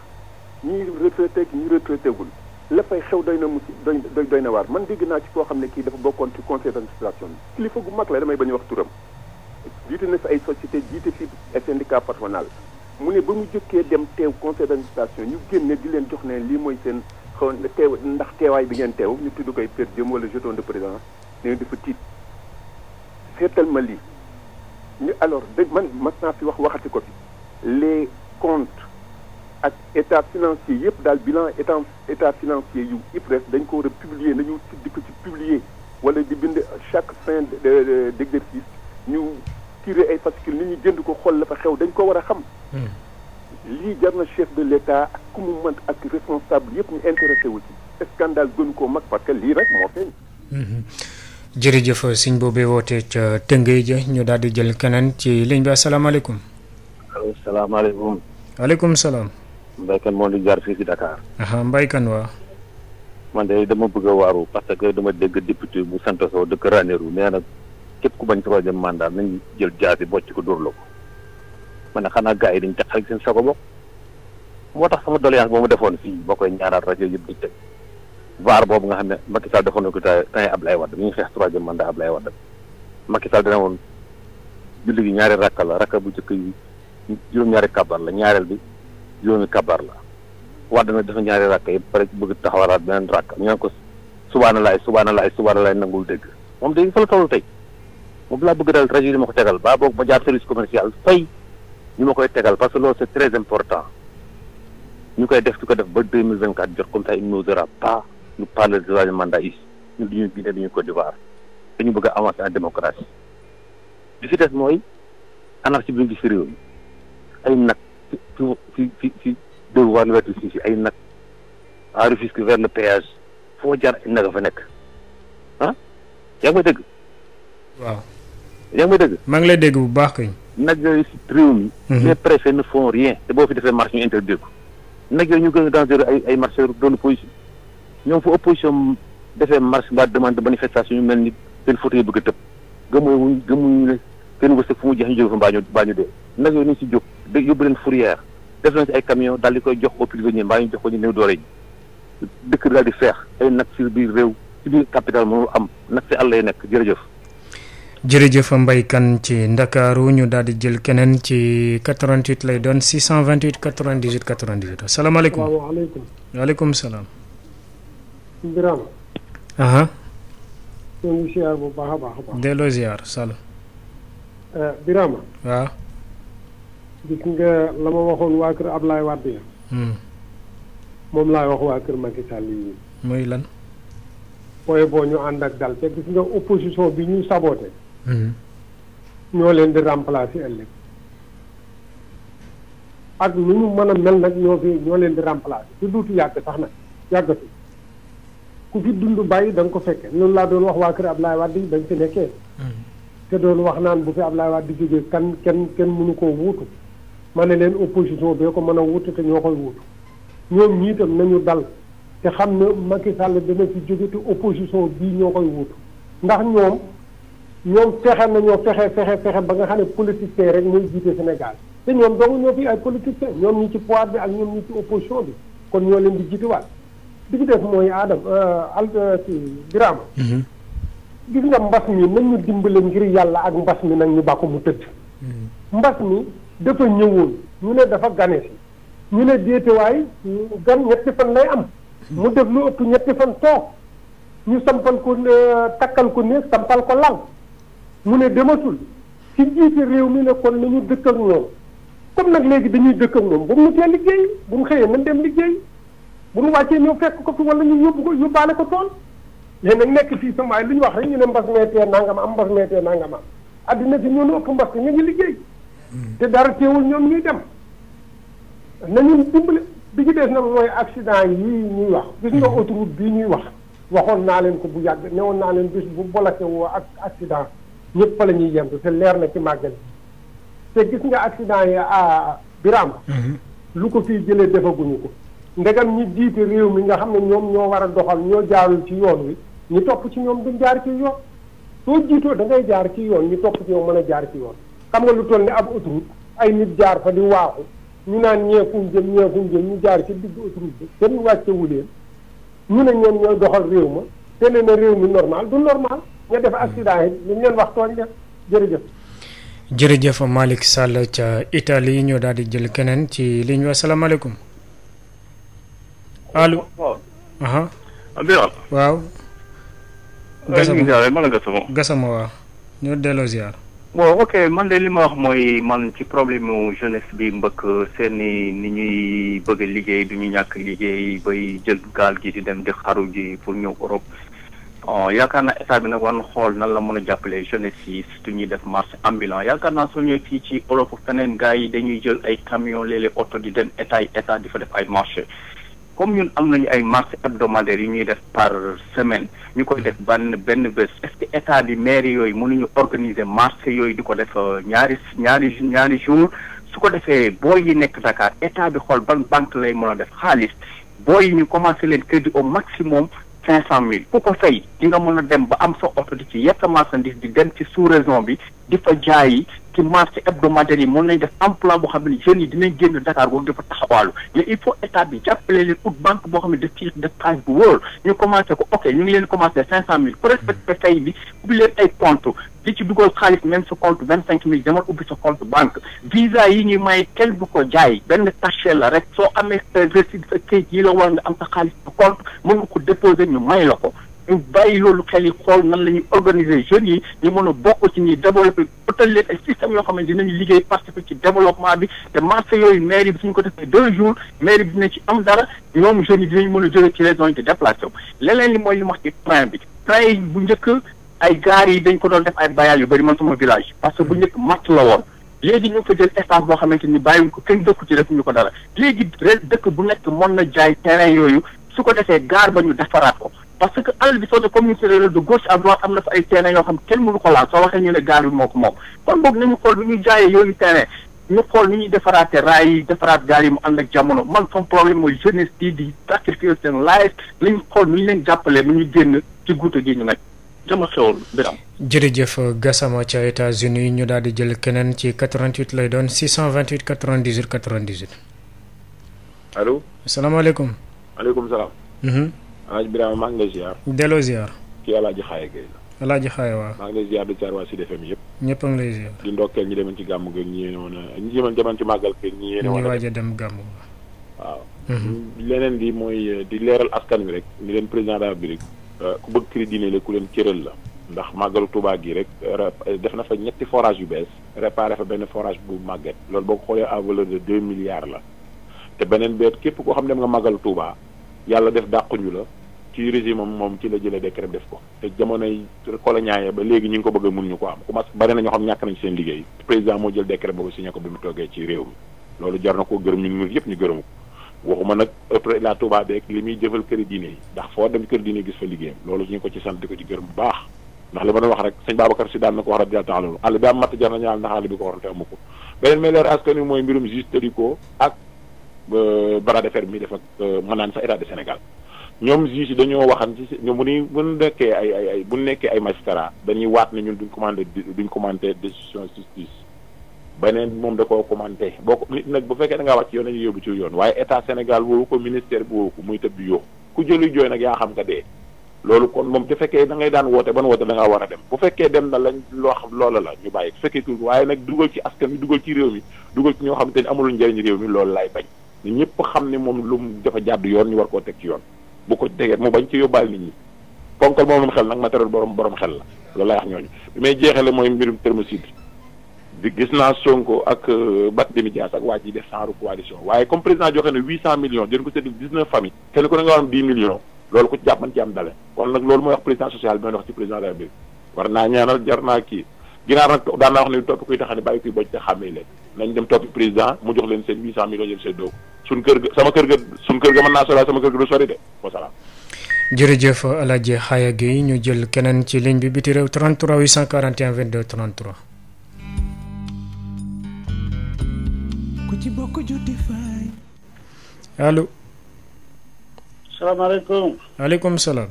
ñi retraité ak ñi retraité gul la fay xew doy na mu doy doy na waar man dégg naa ci koo xam ne kii dafa bokkoon ci conseil d'administration bi kilifa gu mag la damay bañ wax turam jiite na fi ay société jiite fi syndicat patronal mu ne ba mu jëkkee dem teew conseil d'administration ñu génne di leen jox ne lii mooy seen xaw teew ndax teewaay bi ngeen teew ñu tudd koy per diem wala jeton de présidence ne dafa tiit seetal ma lii ñu alors dégg man mas naa fi wax waxati ko fi les comptes ak état financier yëpp daal bilan état état financier yu IPRES dañ ko war a publier nañu di ko ci publier wala di bind chaque fin de d'exercice ñu tiré ay fascicule nit ñi jënd ko xool dafa fa xew dañ ko war a xam hmm. lii jar na chef de l'État ak ku mu mën ak responsable yëpp ñu intéressé wu ci scandale gënu koo mag parce que lii rek moo feeñ hmm, hmm. jërëjëf sëñ boobee wootee ca Tëngéej ja ñu daal di jël keneen ci ligne bi asalaamaaleykum. asalaamaaleykum. waaleykum salaam. Mbaye Kane moo di jaar fii si Dakar. Mbaye Kane waa. man de dama bëgg a waaru parce que dama dégg député bu sant Sow dëkk Ranérou nee na képp ku bañ troisième mandat nañ jël jaasi bocc ko dóor la ko man ne xanaa gars yi dañ tax rek seen sago bopp moo tax sama doléance boo mu defoon fii boo koy ñaanaat rajo yëpp di teg. vaar boobu nga xam ne Macky Sall defoon na ko temps yii Abdoulaye Wade mi ngi xeex troisième mandat Abdoulaye Wade Macky woon julli gi ñaari rakka la rakka bu njëkk yi juróom-ñaari kabar la ñaareel bi juróomi kabar la Wade nag dafa ñaari rakka yi pare bëgg taxawalaat beneen rakka ñu naan ko subaana laay subaana laay subaana laay nangul dégg moom dégg fa la toll tey moom laa bëgg daal rajo yi ko tegal baa boog ma jaar service commercial fay ñu ma koy tegal parce que loolu c'est très important ñu koy def ci ko def ba deux mille vingt quatre jot comme ça il nous aura pas lu parle de troisième mandat ici ñun du ñu Guinée du ñu d'Ivoire dañu bëgg a avancer en démocratie li si des mooy anarchie bi ñu gis si réew mi ay nag ci ci ci devoir nouvelle si ay nag à Rufisque vers foo jaar ay nag a fa nekk ah yaa ngi may waaw. yaa ngi may dégg. maa ngi lay dégg bu baax kay. nag yooyu si réew mi. Mhm. les préfets ne font rien te boo fi defee marché ñu interdire ko nag yooyu ñu gën a dangereux ay ay marcheurs doon ñoom fu opposition defee marche mbaa demande de manifestation yu mel ni seen photo yi bëgg a tëb gëmmuñu gëmmuñu ne seen wërsëg fu mu jeex ñu jóge fa mbaa ñu mbaa ñu dee nag yooyu nañ si jóg da yóbbu leen fourrière def leen si ay camion daal di koy jox aux prisonniers mbaa ñu jox ko ñu néew doole ji dëkk daal di feex ay nag si biir réew si biir capital moo am nag si àll lay nekk jërëjëf jërëjëf Mbaye Kane ci ndakaaru ñu daal di jël keneen ci 88 lay doon 628 98 98 asalaamaaleykum waaleykum salaam Birame. ñoo bu baax a baax a baax. delloo ziar Sall. Eh, Birame. waaw. gis nga la ma waxoon waa kër Ablaye Wade ya. Hmm. moom laay wax waa kër Macky Sall muy lan. booy boo ñu ànd ak dal te gis nga opposition bi ñuy saboté. Hmm. ñoo leen di remplacer ëllëg. ak lu ñu mën a mel nag ñoo fi ñoo leen di remplacer te duutu yàgg sax nag yàggatu. ku fi dund bàyyi da nga ko fekke loolu laa doon wax waa kër Ablaye Wade bañ fi nekkee. Hmm. te doon wax naan bu fi Ablaye Wade di jógee kan kenn kenn mënu koo wuutu ma ne leen opposition bee ko mën a wuutu te ñoo koy wuutu ñoom ñii itam nañu dal te xam ne Macky Sall dana fi jóge te opposition bii ñoo koy wuutu ndax ñoom ñoom fexe nañoo fexe fexe fexe ba nga xam ne politicien rek mooy jiite Sénégal te ñoom dong ñoo fi ay politicien ñoom ñi ci pouvoir bi ak ñoom ñi ci opposition bi kon ñoo leen di jiitiwaat. bi ci def mooy Adam euh, al ci Birama. Mhm. gis nga mbas mi nañ ñu dimbale ngir yàlla ak mbas mi nag ñu bàkku mu tëdd. Mhm. mbas mi dafa ñëwoon ñu ne dafa gane si ñu ne déetewaay gan ñetti fan lay am. Mhm. mu def lu ëpp ñetti fan toog ñu sampal ko euh, takkal ko néeg sampal ko lal mu ne dematul ci jiite réew mi ne kon nañu dëkk ak ñoom comme nag léegi dañuy dëkk ak ñoom bu mu tee liggéey bu mu xëyee nañ dem liggéey. bu nu wàccee ñëw fekk ko fi wala ñu yóbbu ko yóbbaale ko tool léegi nag nekk fii sama waaye lu ñu wax rek ñu ne mbas meetee am mbas meetee nangam am addina si ñoo nu ëpp mbas ñu ngi liggéey hmm. te dara teewul ñoom ñuy dem nañu dimbali bi ñu des na mooy accident yii ñuy wax gis nga hmm. autoroute bii ñuy wax waxoon naa leen ko bu yàgg newoon naa leen bés bu bloqué woo ak accident ñëpp fa la ñuy yem te leer na ci màggal te gis nga accident yi a ah, Birama hmm. lu ko fii jëlee defaguñu ko ndegam ñi jiite réew mi nga xam ne ñoom ñoo war a doxal ñoo jaarul ci yoon wi ñu topp ci ñoom duñ jaar ci yoon soo jiitoo da jaar ci yoon ñi topp ci yow mën a jaar ci yoon xam nga lu toll ni ab autoroute ay nit jaar fa di waaxu ñu naan ñee fu mu jëm mu ñu jaar ci digg autoroute bi kenn wàccewu leen ñu ne ñoom ñooy doxal réew ma te ne na réew mi normal du normal nga def accident yi ñu leen wax tooñ leen jërëjëf jërëjëf Malick Sall ca Italie ñu daal di jël keneen ci ligne bi asalaamaaleykum allo. waaw. Biram. waaw. gasama man la gasama. gasama waaw. ñu delloo ziar. boo ok man de li ma wax mooy man ci problème mu jeunesse bi mbëkk seeni ni ñuy bëgg a liggéey du ñu ñàkk liggéey bay jël gaal gi di dem di xaru gi pour ñëw Europe. yaakaar naa état bi nag war na xool nan la mën a jàppale jeunesse yi surtout ñuy def marché ambulant yaakaar naa soo ñëwee fii ci Europe feneen gaa yi dañuy jël ay camion léeg oto di dem état yi état di fa def ay marché. comme ñun am nañu ay marché hebdomadaires yu ñuy def par semaine ñu koy def bann benn bés est que état bi maire yooyu mënuñu organiser marché yooyu di ko def euh, ñaari ñaari ñaari jour su ko defee booy yi nekk Dakar état bi xool ban banque lay mën a def xaalis booy yi ñu commencé leen crédit au maximum cinq cent mille ku ko fay di nga mën a dem ba am sa oto di ci yetta marchandise di dem ci sous raison bi di fa jaayi ci marché hebdomadaire yi moom lañ def emploi boo xam ne jeunes yi dinañ génn Dakar boobu dafa taxawaalu mais il faut état bi jàppale leen ut banque boo xam ne daf ci def xaalis bu wóor ñu commencé ko ok ñu ngi leen commencé cinq cent mille ku respecté fay bi ubbi leen ay compte li ci dugal xaalis même sa compte vingt cinq mille demal ubbi sa compte banque visa yi ñuy may kenn bu ko jaay benn taché la rek soo amee sa reçu sa kayit yi la war nga am sa xaalis ñu may la ko ñu bàyyi loolu xel yi xool nan la ñuy organiser jeunes yi ñu mën a bokk ci ñuy développer utal leen ay système yoo xam ne dinañu liggéey participer ci développement bi te marché yooyu mairie bi suñu ko defee deux jours mairie bi dina ci am dara ñoom jeunes yi mën a jóge ci région yi te déplacé wu leneen li mooy li mu wax ci train bi train bu njëkk ay gaar yi dañ ko doon def ay bayaal yu bëri man sama village parce que bu njëkk matt la woon léegi ñu ngi ko jël espace boo xamante ni bàyyiwuñ ko kenn dëkku ci defuñu ko dara léegi dëkk bu nekk mën na jaay terrain yooyu su ko defee gaar ba ñu defaraat parce que alal bi soo de communautaire de gauche à droite am na fa ay terrain yoo xam kenn mënu ko laal soo waxee ñu ne gaal bi moo ko moom kon boobu nañu xool bi ñuy jaayee yooyu terrain ñu xool ni ñuy defaraate raay yi defaraat gaal yi mu ànd ak jamono man son problème mooy jeunesse bi di sacrifier life lañu xool nu ñu leen jàppalee nu ñu génn ci guuta gi ñu nekk dama xewul biram jërëjëf Gassama ca États-Unis ñu daal di jël keneen ci 88 lay doon 628 98 98. allo. asalaamaaleykum. maaleykum salaam. Mhm. Alaaji Birama maa ngi lay ziar. delloo ziar. kii Alaaji Xaaye Gueye la. Alaaji Xaaye waaw. maa ngi lay ziar di ziar waa Sud FM yëpp. ñëpp a ngi lay ziar. di ndokkeel ñi demoon ci gàmm gi ñi yéene woon a ñi demoon ci màggal gi ñi yéene woon a. ñi waaj a dem gàmm waaw. Mhm. leneen li mooy euh, di leeral askan wi rek ni leen président de la République euh, ku bëgg kiri diine la ku leen cëral la ndax màggalu Tuubaa gi rek def na fa ñetti forage yu bees réparé fa benn forage bu màgget loolu boo ko xoolee à de deux milliards la te beneen beet képp koo xam ne dem nga màggalu Tuubaa yàlla def dàquñu la ci régime moom ci la jëlee décret def ko te jamonoy colonial ba léegi ñu ngi ko bëgg a mun ñu ko am commencé bari na ñoo xam ñàkk nañ seen liggéey président moo jël décret boobu signé ko bi mu toogee ci réew mi loolu jar na ko gërëm ñun ñun yëpp ñu gërëm ko waxuma nag après la Touba li muy jëfal këri diine yi ndax foo dem kër diine gis fa liggéeyam loolu ñu ko ci sant di ko ci gërëm bu baax ndax li ma doon wax rek sëñ bras de fer bi muy def ak euh, maanaam sax état de Sénégal ñoom juge yi dañoo waxan ci ñoom bu ñuy bu nekkee ay ay ay bu nekkee ay magistrat dañuy waat ne ñun duñ commandé duñ commandé décision justice beneen moom da koo commandé boo ko nit nag bu fekkee na ngaa wax ci yoon ñu yóbbu ci yoon waaye état Sénégal woowu ko ministère bi ko muy tëb di yóbbu ku jëlu jooy nag yaa xam nga dee loolu kon moom bu fekkee da ngay daan woote ban woote da ngaa war a dem bu fekkee dem na lañ loo xam loola la ñu bàyyi bu fekkee tur waaye nag dugal ci askan wi ci réew mi dugal ñoo xam te ne amul njëriñ réew mi loolu laay bañ ne ñëpp xam ne moom lu mu dafa jàdd yoon ñu war koo teg ci yoon bu ko tegee mu bañ ci yóbbaale nit ñi ponkal moom xel nag matériel borom borom xel la loolu lay wax ñooñu bi may jeexale mooy mbirum thermoside di gis naa Sonko ak euh, Barthélémy Dias ak waaye comme président joxe na huit cent millions jën ko séddale dix neuf famille kenn ku ne nga war dix millions loolu ku ci ci am dale kon nag loolu mooy wax président social bi ma wax ci président suñ kër ga sama kër ga suñ kër ga mën naa sori sama kër ga du sori de wasalaam. jërëjëf Xaya Guèye ñu jël keneen ci ligne bi biti réew 33 841 22 33. allo. salaamaaleykum. waaleykum salaam.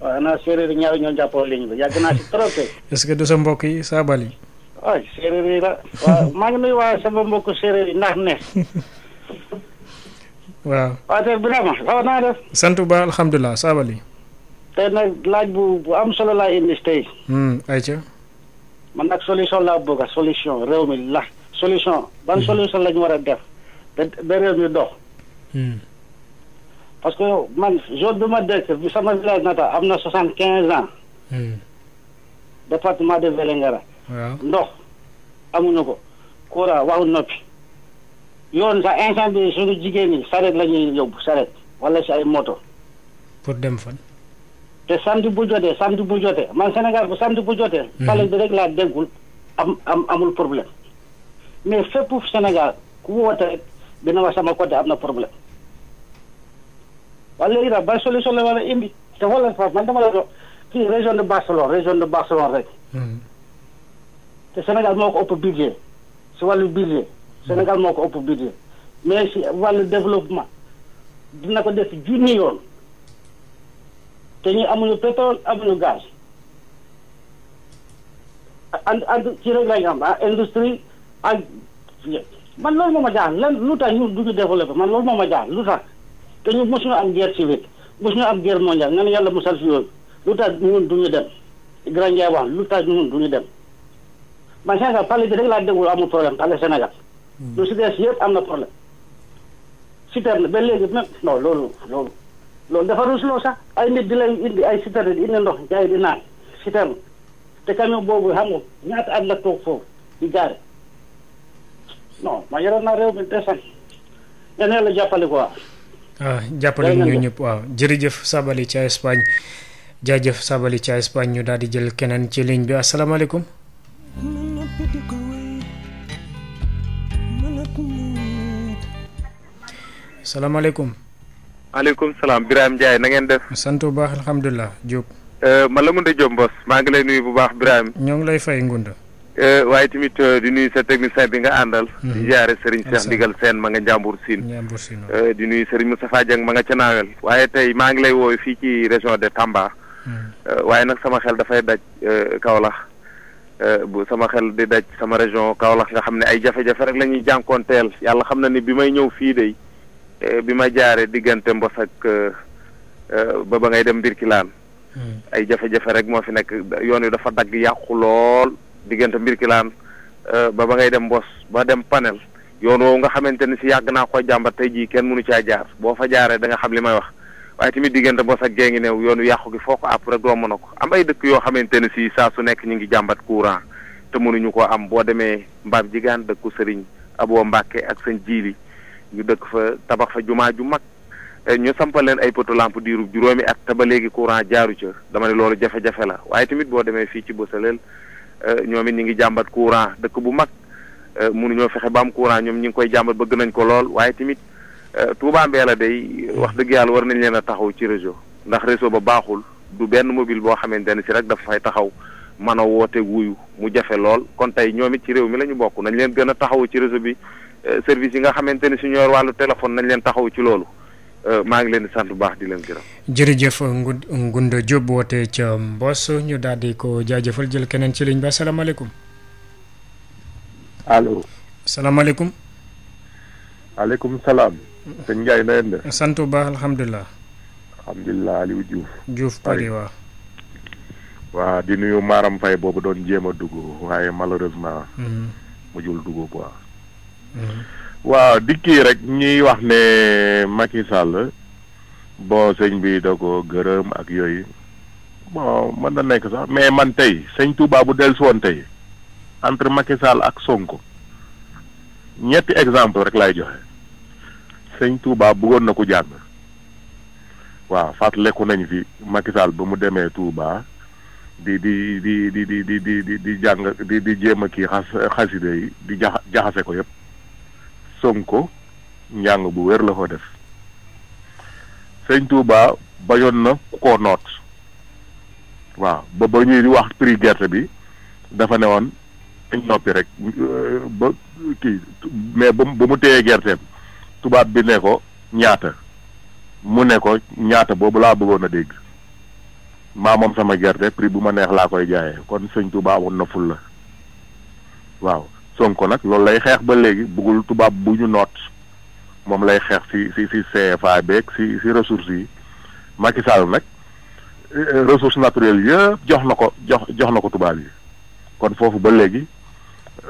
waaw xanaa séeréer yi ñaari ñoo jàppoo ligne bi yàgg sa mbokk yi saabal sama mbokk séeréer yi ndax ne. waaw. waaw tey naa def. sant ba alhamdulilah saabali. tey nag laaj bu bu am solo laa indi tey. Hmm, ayca. man nag solution laa bëgg solution réew mi la solution ban hmm. solution lañu war a def ba ba réew mi dox. Hmm. parce que man zone bi ma dëkk sama village natal am na soixante quinze ans. département de Vélingara. waaw ndox amuñu ko. courant waxu noppi. yoon sax instant bi suñu jigéen ñi saret la ñuy yóbbu saret wala sa ay moto. pour dem fan. te samedi bu jotee samedi bu jote man senegal bu samedi bu jote mhm. palais bi rek laa déggul am am amul problème. mais fépp senegal ku woote rek dina wax sama côté am na problème. wala ira ba solution la wala indi te wala fa man dama la doon kii région de Barcelone région de Barcelone rek. Mhm. te Sénégal moo ko ëpp budget si wàllu budget. Sénégal moo ko ëpp budget mais si wàllu développement dina ko def junni yoon te ñu amuñu pétrole amuñu gaz and and ci rek lañu am ah industrie man loolu moom ma jaaxal lan lu tax ñu duñu développé man loolu moo ma jaaxal lu tax te ñu mosuñu am guerre civile ñu am guerre mondiale nga ne yàlla musal fi yooyu lu tax ñun duñu dem Grand Ndiaye wax lu tax ñun duñu dem man Sénégal palais bi rek laa déglu amul problème palais Sénégal lu si des yëpp am na problème. citerne ba léegi même non loolu loolu loolu dafa rusloo sax ay nit di lay indi ay citerne di indi ndox jaay di naan citerne te camion boobu xam nga ñaata at la toog foofu di gaare non ma yoroon naa réew mi desan yeneen la jàppale quoi. ah jàppale ñu ñëpp waaw jërëjëf Sabali ca Espagne jaajëf Sabali ca ñu daal di jël keneen ci ligne bi asalaamaaleykum. salaamaaleykum. maaleykum salaam Birame Ndiaye na ngeen def. sant bu baax alhamdulilah Diop. Euh, man la Ngounda Diop Mbos maa ngi lay nuyu bu baax Birame. ñoo ngi lay fay Ngounda. Euh, waaye tamit euh, di nuyu sa technicien bi nga àndal. Mhm. di ziare Serigne seen Ndigal Sène ma nga Njàmbur Sine. Njàmbur Sine di nuyu sa Moustapha Dieng ma nga ca Naawel. waaye tey maa ngi lay wooyu fii ci région de Tamba. Mhm. waaye nag sama xel dafay daj Kaolack bu sama xel di daj sama région Kaolack nga xam ne ay jafe-jafe rek la yàlla xam na ni bi may ñëw fii de. Eh, bi ma jaaree diggante mbos ak eh, eh, ba ba ngay dem mbirkilaan hmm. ay jafe-jafe rek moo fi nekk yoon wi dafa dagg yàqu lool diggante mbirkilaan ba ba ngay dem mbos ba dem panel yoon woowu nga xamante ni si yàgg naa ko jàmbat tey jii kenn mënu caa jaar boo fa jaaree da nga xam li may wax waaye tamit diggante mbos ak gee ngi new yoon wi yàqu gi foo ko àpp rek romb na ko am ay dëkk yoo xamante ne si saa su nekk ñu ngi jàmbat courant te mënuñu ko am boo demee mbaam jigaan dëkku sëriñ aboo mbàkke ak sëñ jiili ñu dëkk fa tabax fa jumaa ju mag eh, ñu sampal leen ay poto lampe diirub juróomi at te ba léegi courant jaaru ca dama ne loolu jafe-jafe la waaye tamit boo demee fii ci Bosalel eh, ñoom it ñu ngi jàmbat courant dëkk bu mag eh, mënuñoo fexe ba am courant ñoom ñu ngi koy jàmbat bëgg nañ ko lool waaye tamit Touba Mbella day wax dëgg yàlla war nañ leen a taxaw ci réseau ndax réseau ba baaxul du benn mobile boo xamante ne si rek dafa fay taxaw mën a woote wuyu mu jafe lool kon tey ñoom it ci réew mi la ñu bokk nañ leen gën a taxaw ci réseau bi Euh, service yi nga xamante ni su ñor wàllu téléphone nañ leen taxaw ci loolu euh, maa ngi leen di sant bu baax di leen gërëm. jërëjëf Ngund Ngunda Diop woote ca Mbos ñu daal ko jaajëfal jël keneen ci liñ bi asalaamaaleykum. allo. alekum maaleykum salaam. sëñ Ndiaye na ngeen sant bu baax alhamdulilah. alhamdulilah Aliou Diouf. Diouf Paris waaw. waa di nuyu Maram Faye boobu doon jéem a dugg waaye malheureusement. Mhm. mujjul dugg quoi. waaw di kii rek ñuy wax ne Macky Sall bon sëñ bi da ko gërëm ak yooyu bon mën na nekk sax mais man tey sëñ Touba bu dellusi woon tey entre Macky Sall ak Sonko ñetti exemple rek lay joxe sëñ Touba buggoon na ko jàng waaw fàttaleku nañ fi Macky ba mu demee Touba di di di di di di di di jàng di di jéem a kii xas xaside yi di jaxase ko yëpp. ko njàng bu wér la ko def sëñ Touba bañoon na ku ko noot waaw ba ba ñuy wax prix gerte bi dafa ne woon dañ noppi rek ba kii mais ba mu téyee gerteem tubaab bi ne ko ñaata mu ne ko ñaata boobu laa bëggoon a dégg maa moom sama gerte prix bu ma neex laa koy jaayee kon sëñ Touba amoon na ful la waaw Sonko nag loolu lay xeex ba léegi bëggul tubaab bu ñu noot moom lay xeex si si si CFA beeg si si ressources yi Macky Sall nag eh, ressources naturelles yëpp jox na ko jox jox na ko tubaab yi kon foofu ba léegi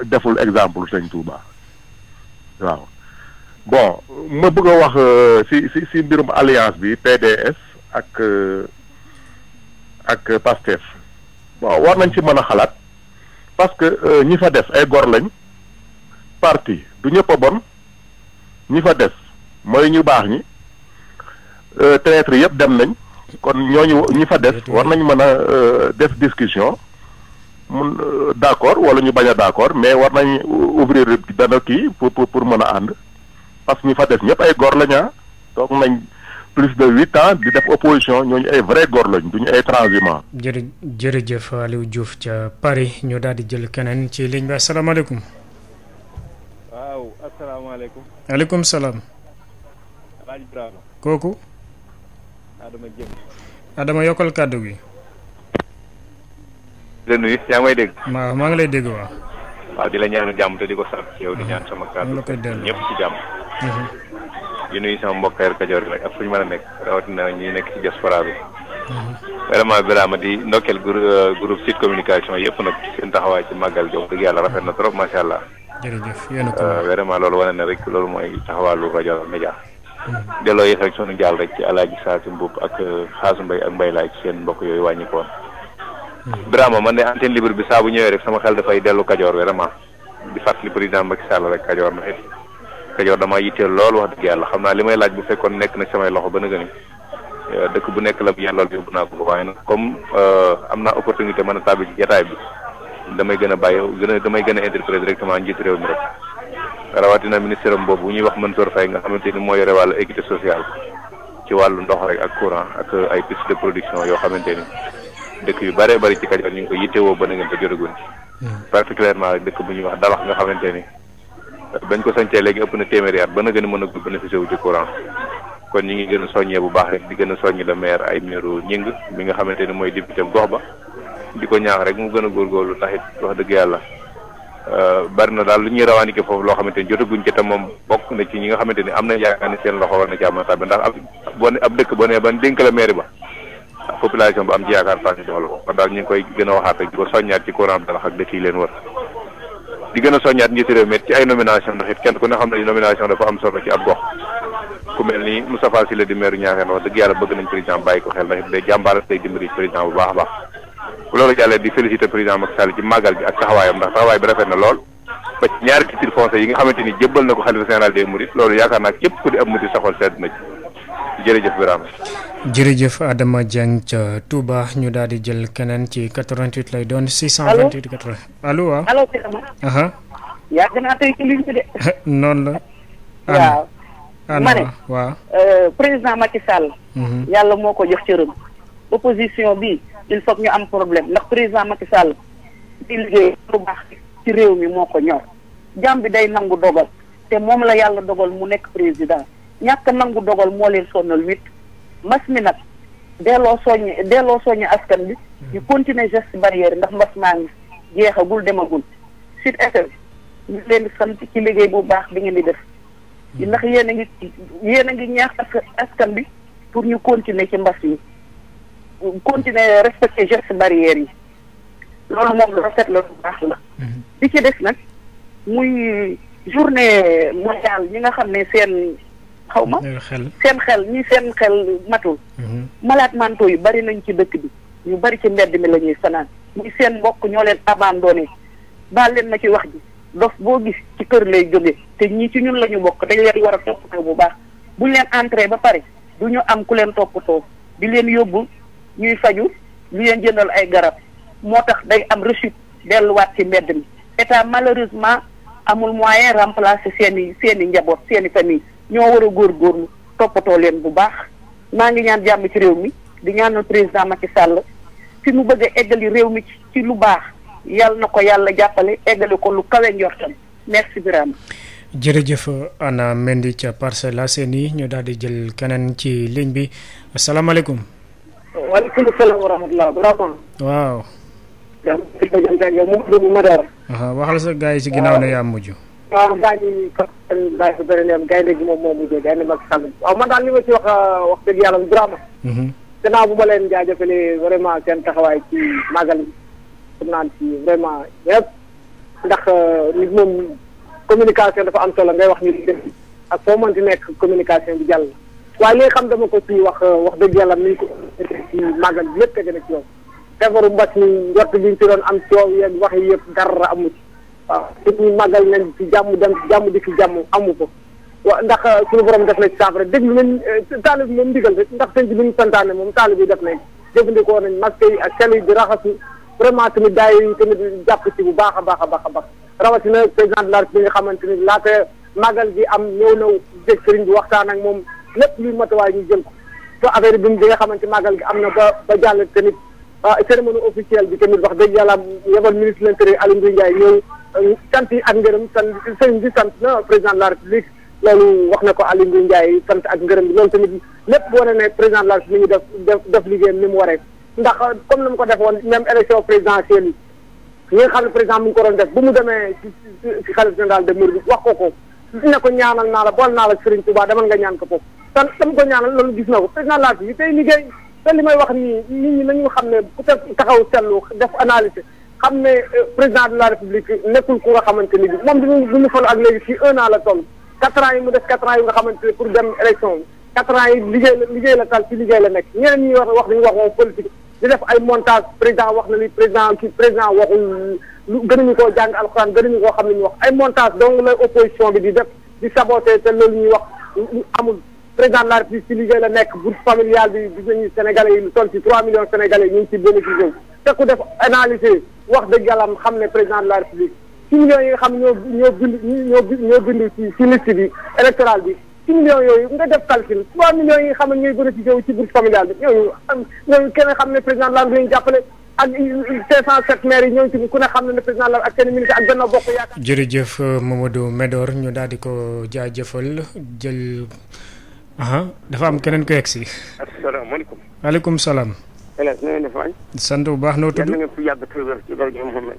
deful exemple sëñ Touba waaw bon ma bëgg a wax euh, si si si mbirum alliance bi PDS ak euh, ak PASTEF bon war nañ ci mën a xalaat. parce que euh, ñi fa des ay gor lañ parti du ñëpp a bon ñi fa des mooy ñu baax ñi euh, traître yëpp dem nañ kon ñoo ñu ñi fa des war nañ mën a euh, def discussion mun d' accord wala ñu bañ a d' accord mais war nañ ouvrir benn kii pour pour pour mën a ànd parce que ñi fa des ñëpp ay gor lañaa ah, toog nañ plus de huit ans di def opposition ñooñu ay vrai góor lañ duñu ay transhumants. jërë jërëjëf Aliou Diouf ca Paris ñu daal di jël keneen ci liñ bi asalaamaaleykum. waaw asalaamaaleykum. maaleykum salaam. kooku. Adama Dieng. Adama yokkal kàddu gi. di la nuyu yaa ngi may dégg. waaw maa ngi lay dégg waaw. waaw di la ñaanu jàmm te di ko sant yow di ñaan sama kàddu. ñëpp ci jàmm. Mhm. di nuyu sama mbokk Kajoor Kajoor rek ak fu ñu mën a nekk rawatina ñi nekk ci diaspora bi. vraiment Birama di ndokkeel groupe site euh, communication yëpp nag seen taxawaay ci màggal gi wax yàlla rafet na trop macha allah. jërëjëf euh, loolu wane na rek loolu mooy taxawaalu rajo média. Mm-hmm. delloo yéex rek sunu jaal rek ci alaaji Saasi Mbuub ak euh, xaasu mbay ak mbay laay ci seen mbokk yooyu wàññi ko woon. Mm-hmm. Birama man de antenne libre bi saabu ñëwee rek sama xel dafay dellu Kajoor vraiment di président Macky Sall rek Kajoor Kajoor damaa yitteel lool wax dëgg yàlla xam naa li may laaj bu fekkoon nekk na samay loxo ba nëgëni dëkk bu nekk la bu yàlla yóbbu naa ko waaye nag comme euh, am naa opportunité mën a tàbbi ci jataay bi damay gën a bàyyi gën damay gën a interpréter directement njiit réew mi rek rawatina ministère am boobu bu ñuy wax Mansour Faye nga xamante ni moo yore wàllu équité sociale ci wàllu ndox rek ak courant ak ay piste de production yoo xamante ni dëkk yu bëree bëri ci Kajoor ñu ngi ko ba na ngeen ko jotagoon hmm. ci dëkk bu ñuy wax dalax nga xamante ni bañ ko sancee léegi ëpp na téeméeri at ba na a mën a gul bénéficié wu ci courant kon ñi ngi gën a soññee bu baax rek di gën a soññ le ay maire ñing mi nga xamante ni mooy député gox ba di ko ñaax rek mu gën a góorgóorlu ndax it wax dëgg yàlla euh, bari na daal lu ñuy rawaanike foofu loo xamante ni jotaguñ ci te moom bokk na ci ñi nga xamante ni am na yaakaar ne seen loxo war na ci am ndax ab boo ab dëkk boo nee ban dénk la maire ba population ba am ci yaakaar tànn ñu ngi koy gën a waxaat rek di ko soññaat ci courant leen wër di gën a soññaat njiitu réew mi ci ay nomination ndax it kenn ku ne xam ne nomination dafa am solo ci ab gox ku mel ni Moustapha Sylla di maire Niassène wax dëgg yàlla bëgg nañ président bàyyi ko xel ndax it day jàmbaar day dimbali président bu baax baax bu loolu jàllee di féliciter président Macky Sall ci màggal gi ak taxawaayam ndax taxawaay bi rafet na lool ba ñaari titres fonciers yi nga xamante ni jébbal na ko xalifa général des mourides loolu yaakaar naa jërëjëf Birame. jërëjëf Adama Dieng ca Touba ñu daal di jël keneen ci 88 lay doon. 628 80 allo waaw allo Seydou yàgg naa tey la. waaw ma euh, mhm. yàlla moo ko jox cëram. bi il faut ñu am problème ndax président Macky ci réew mi moo ko day nangu dogal te moom la yàlla dogal mu nekk président. ñàkk nangu dogal moo leen sonal huit mas mi nag delloo soññi delloo soññi askan bi ñu hmm. continuer geste barrière ndax mbas maa ngi jeexagul demagul si FM leen di sant ci liggéey bu baax bi ngeen di def hmm. ndax yéen a ngi a ngi ñaax askan bi pour ñu continuer ci mbas yi continuer respecter geste barrière yi loolu moom lu rafet la lu hmm. ci des nag muy journée mondiale ñi nga xam ne seen xaw ma seen xel ni seen xel matul mhm. malade manto yu bari nañ ci dëkk bi ñu bari ci mbedd mi la ñuy fanaan ñi seen mbokk ñoo leen abandonné baal leen ma ci wax ji dof boo gis ci kër lay jóge te ñii ci ñun la ñu bokk dañ leen war a toppatoo bu baax buñ leen entré ba pare du ñu am ku leen toppatoo di leen yóbbu ñuy faju li leen jëndal ay garab moo tax day am rechute delluwaat ci mbedd mi état malheureusement amul moyen remplacer seen i seen i njaboot seeni i famille ñoo war a góorgóorlu toppatoo leen bu baax maa ngi ñaan jàmm ci réew mi di ñaanal président Macky Sall fi mu bëgg a eggali réew mi ci lu baax yàlla na ko yàlla jàppale eggali ko lu kawe njortam merci Birame. jërëjëf Anna Mendy ca Parcelles Assainies ñu daal di jël keneen ci ligne bi asalaamaaleykum. waaleykum salaam wa rahmatulah Birame. waaw. jàmm si sa jant waxal sa gars yi si ginnaaw ne ah. yaa mujj. waaw gaañu Fatou Ndiaye su bëri leen gaynde gi moom moo mujjee gaynde ma Sall waaw man daal li ma si wax wax dëgg yàlla Birama. Mhm. gannaaw bu ma leen jaajëfalee vraiment seen taxawaay ci màggal yi xam naa ci vraiment yëpp ndax euh, nit moom communication dafa am solo ngay wax ñu def ak foo mënti nekk communication bi jàll na waaye li nga xam dama ko si wax euh, wax dëgg yàlla ni ñu ko ci màggal bi lépp tege na ci yoon feebaru mbas mi njort bi ñu ci doon am coow yeeg wax yëpp dara amu ci waaw surtout ñu màggal nañ ci jàmm dem ci jàmm di ci jàmm amu ko wa ndax euh, suñu borom def na ci saafara déglu nañ euh, taalib bi moom ndigal rek ndax sëñ bi lu ñu santaane moom taalib yi def nañ jëfandikoo nañ masque yi ak sel yi di raxasu vraiment tamit daay yi tamit jàpp ci bu baax a baax a baax a baax rawatina président de la République nga xamante ni laata màggal gi am ñëw na jég sëriñ bi waxtaan ak moom lépp luy matuwaay ñu jël ko te affaire bi bi nga xamante màggal gi am na ba ba jàll tamit ah, cérémonie officielle bi tamit wax dëgg yàlla yebal ministre de l'intérieur Aly Ngouille Ndiaye ñëw sant yi ak ngërëm sant sëñ bi sant na président de la république loolu wax na ko Aly Ngouille Ndiaye sant ak ngërëm bi loolu tamit lépp wane ne président de la république mi ngi def def def liggéeyam ni mu waree ndax euh, comme ni mu ko defoon même élection présidentielle yi ñi nga xam ne président mu ngi ko doon def bu mu demee ci ci xalif général de wax ko ko ne ko ñaanal naa la bool naa la Serigne Touba demal nga ñaan ko foofu tan dama ko ñaanal loolu gis na ko président de la te li may wax nii nit ñi xam ne xam ne euh, président de la république nekkul ku nga xamante ni bi moom bi mu falu ak léegi ci un an la toll quatre ans yi mu def quatre ans yi nga xamante ne pour dem élection bi quatre ans yi liggéey la liggéey la tal ci liggéey la nekk ñeneen ñi wax wax dañu wax moom politique di def ay montage président wax na li président président waxul lu gënuñu koo jàng alxuraan gënuñu koo xam ne ñu wax ay montage donc la opposition bi di def di saboté te loolu ñuy wax ngi te ku def analyse wax dëgg yàlla xam ne président de la république ci millions yi nga xam ñoo ñoo bind ñoo ñoo bind ci ci liste bi électorale bi ci millions yooyu nga def calcul trois millions yi nga xam ne ñooy bénéficié wu ci bi ñooñu ñooñu kenn xam ne président de la république jàppale ak 507 yi ñooñu ci ku ne xam ne président la ak seen ministre ak benn bokk yaakaar. jërëjëf Mamadou Medor ñu daal di ko jaajëfal jël dafa am keneen ko yegg si. salaam. El Hadj na ngeen def waay. sant bu baax noo tudd yéen ngeen fi yàgg te wér ci barke Mouhamed.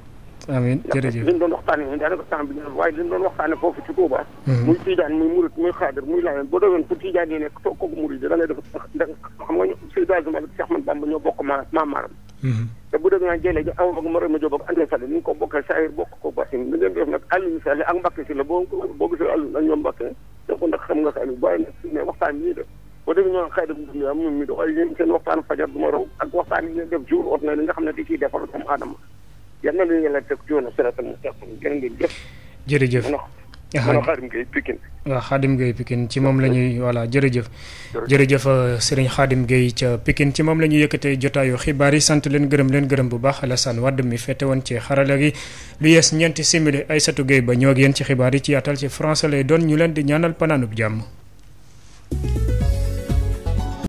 amiin jërëjëf li waaye li ñu doon waxtaanee foofu ci Touba. Mhm. muy Tidiane muy Mouride muy Xaadir muy Laayeen boo doon fu Tidiane yi nekk toog kooku Mouride da ngay xam nga ñu Seydou Hadj Malick Cheikh Ahmadou Bamba ñoo bokk maam maaram. Mhm. te bu dee naan jëlee aw ak Maram Jóob ak Anta ko bokkee saayir bokk ko batin li ngeen def nag Aliou Sall ak Mbacke si la boo boo gisee Aliou ak ñoom Mbacke da xam nga si boo demee ñoom xëy na ñoom ñu dox ay seen xam ne di ciy defar doomu aadama yan na li ñu la teg coono siraatal mustaqiim jërë ngeen jëf. jërëjëf mën ah, Xaadim ah, Gueye Pikine. ci moom la ñuy voilà jërëjëf. jërëjëf euh, Serigne Xaadim Gueye ca Pikine ci moom la ñuy yëkkatee jotaayu xibaar yi sant leen gërëm leen gërëm bu baax Alassane Wade mi fete woon ci xarala gi. lu yees ñeenti simili Aysatu Gueye ba ñoo ak yéen ci xibaar yi ci yaatal ci français lay doon ñu leen di ñaanal panaanub jàmm.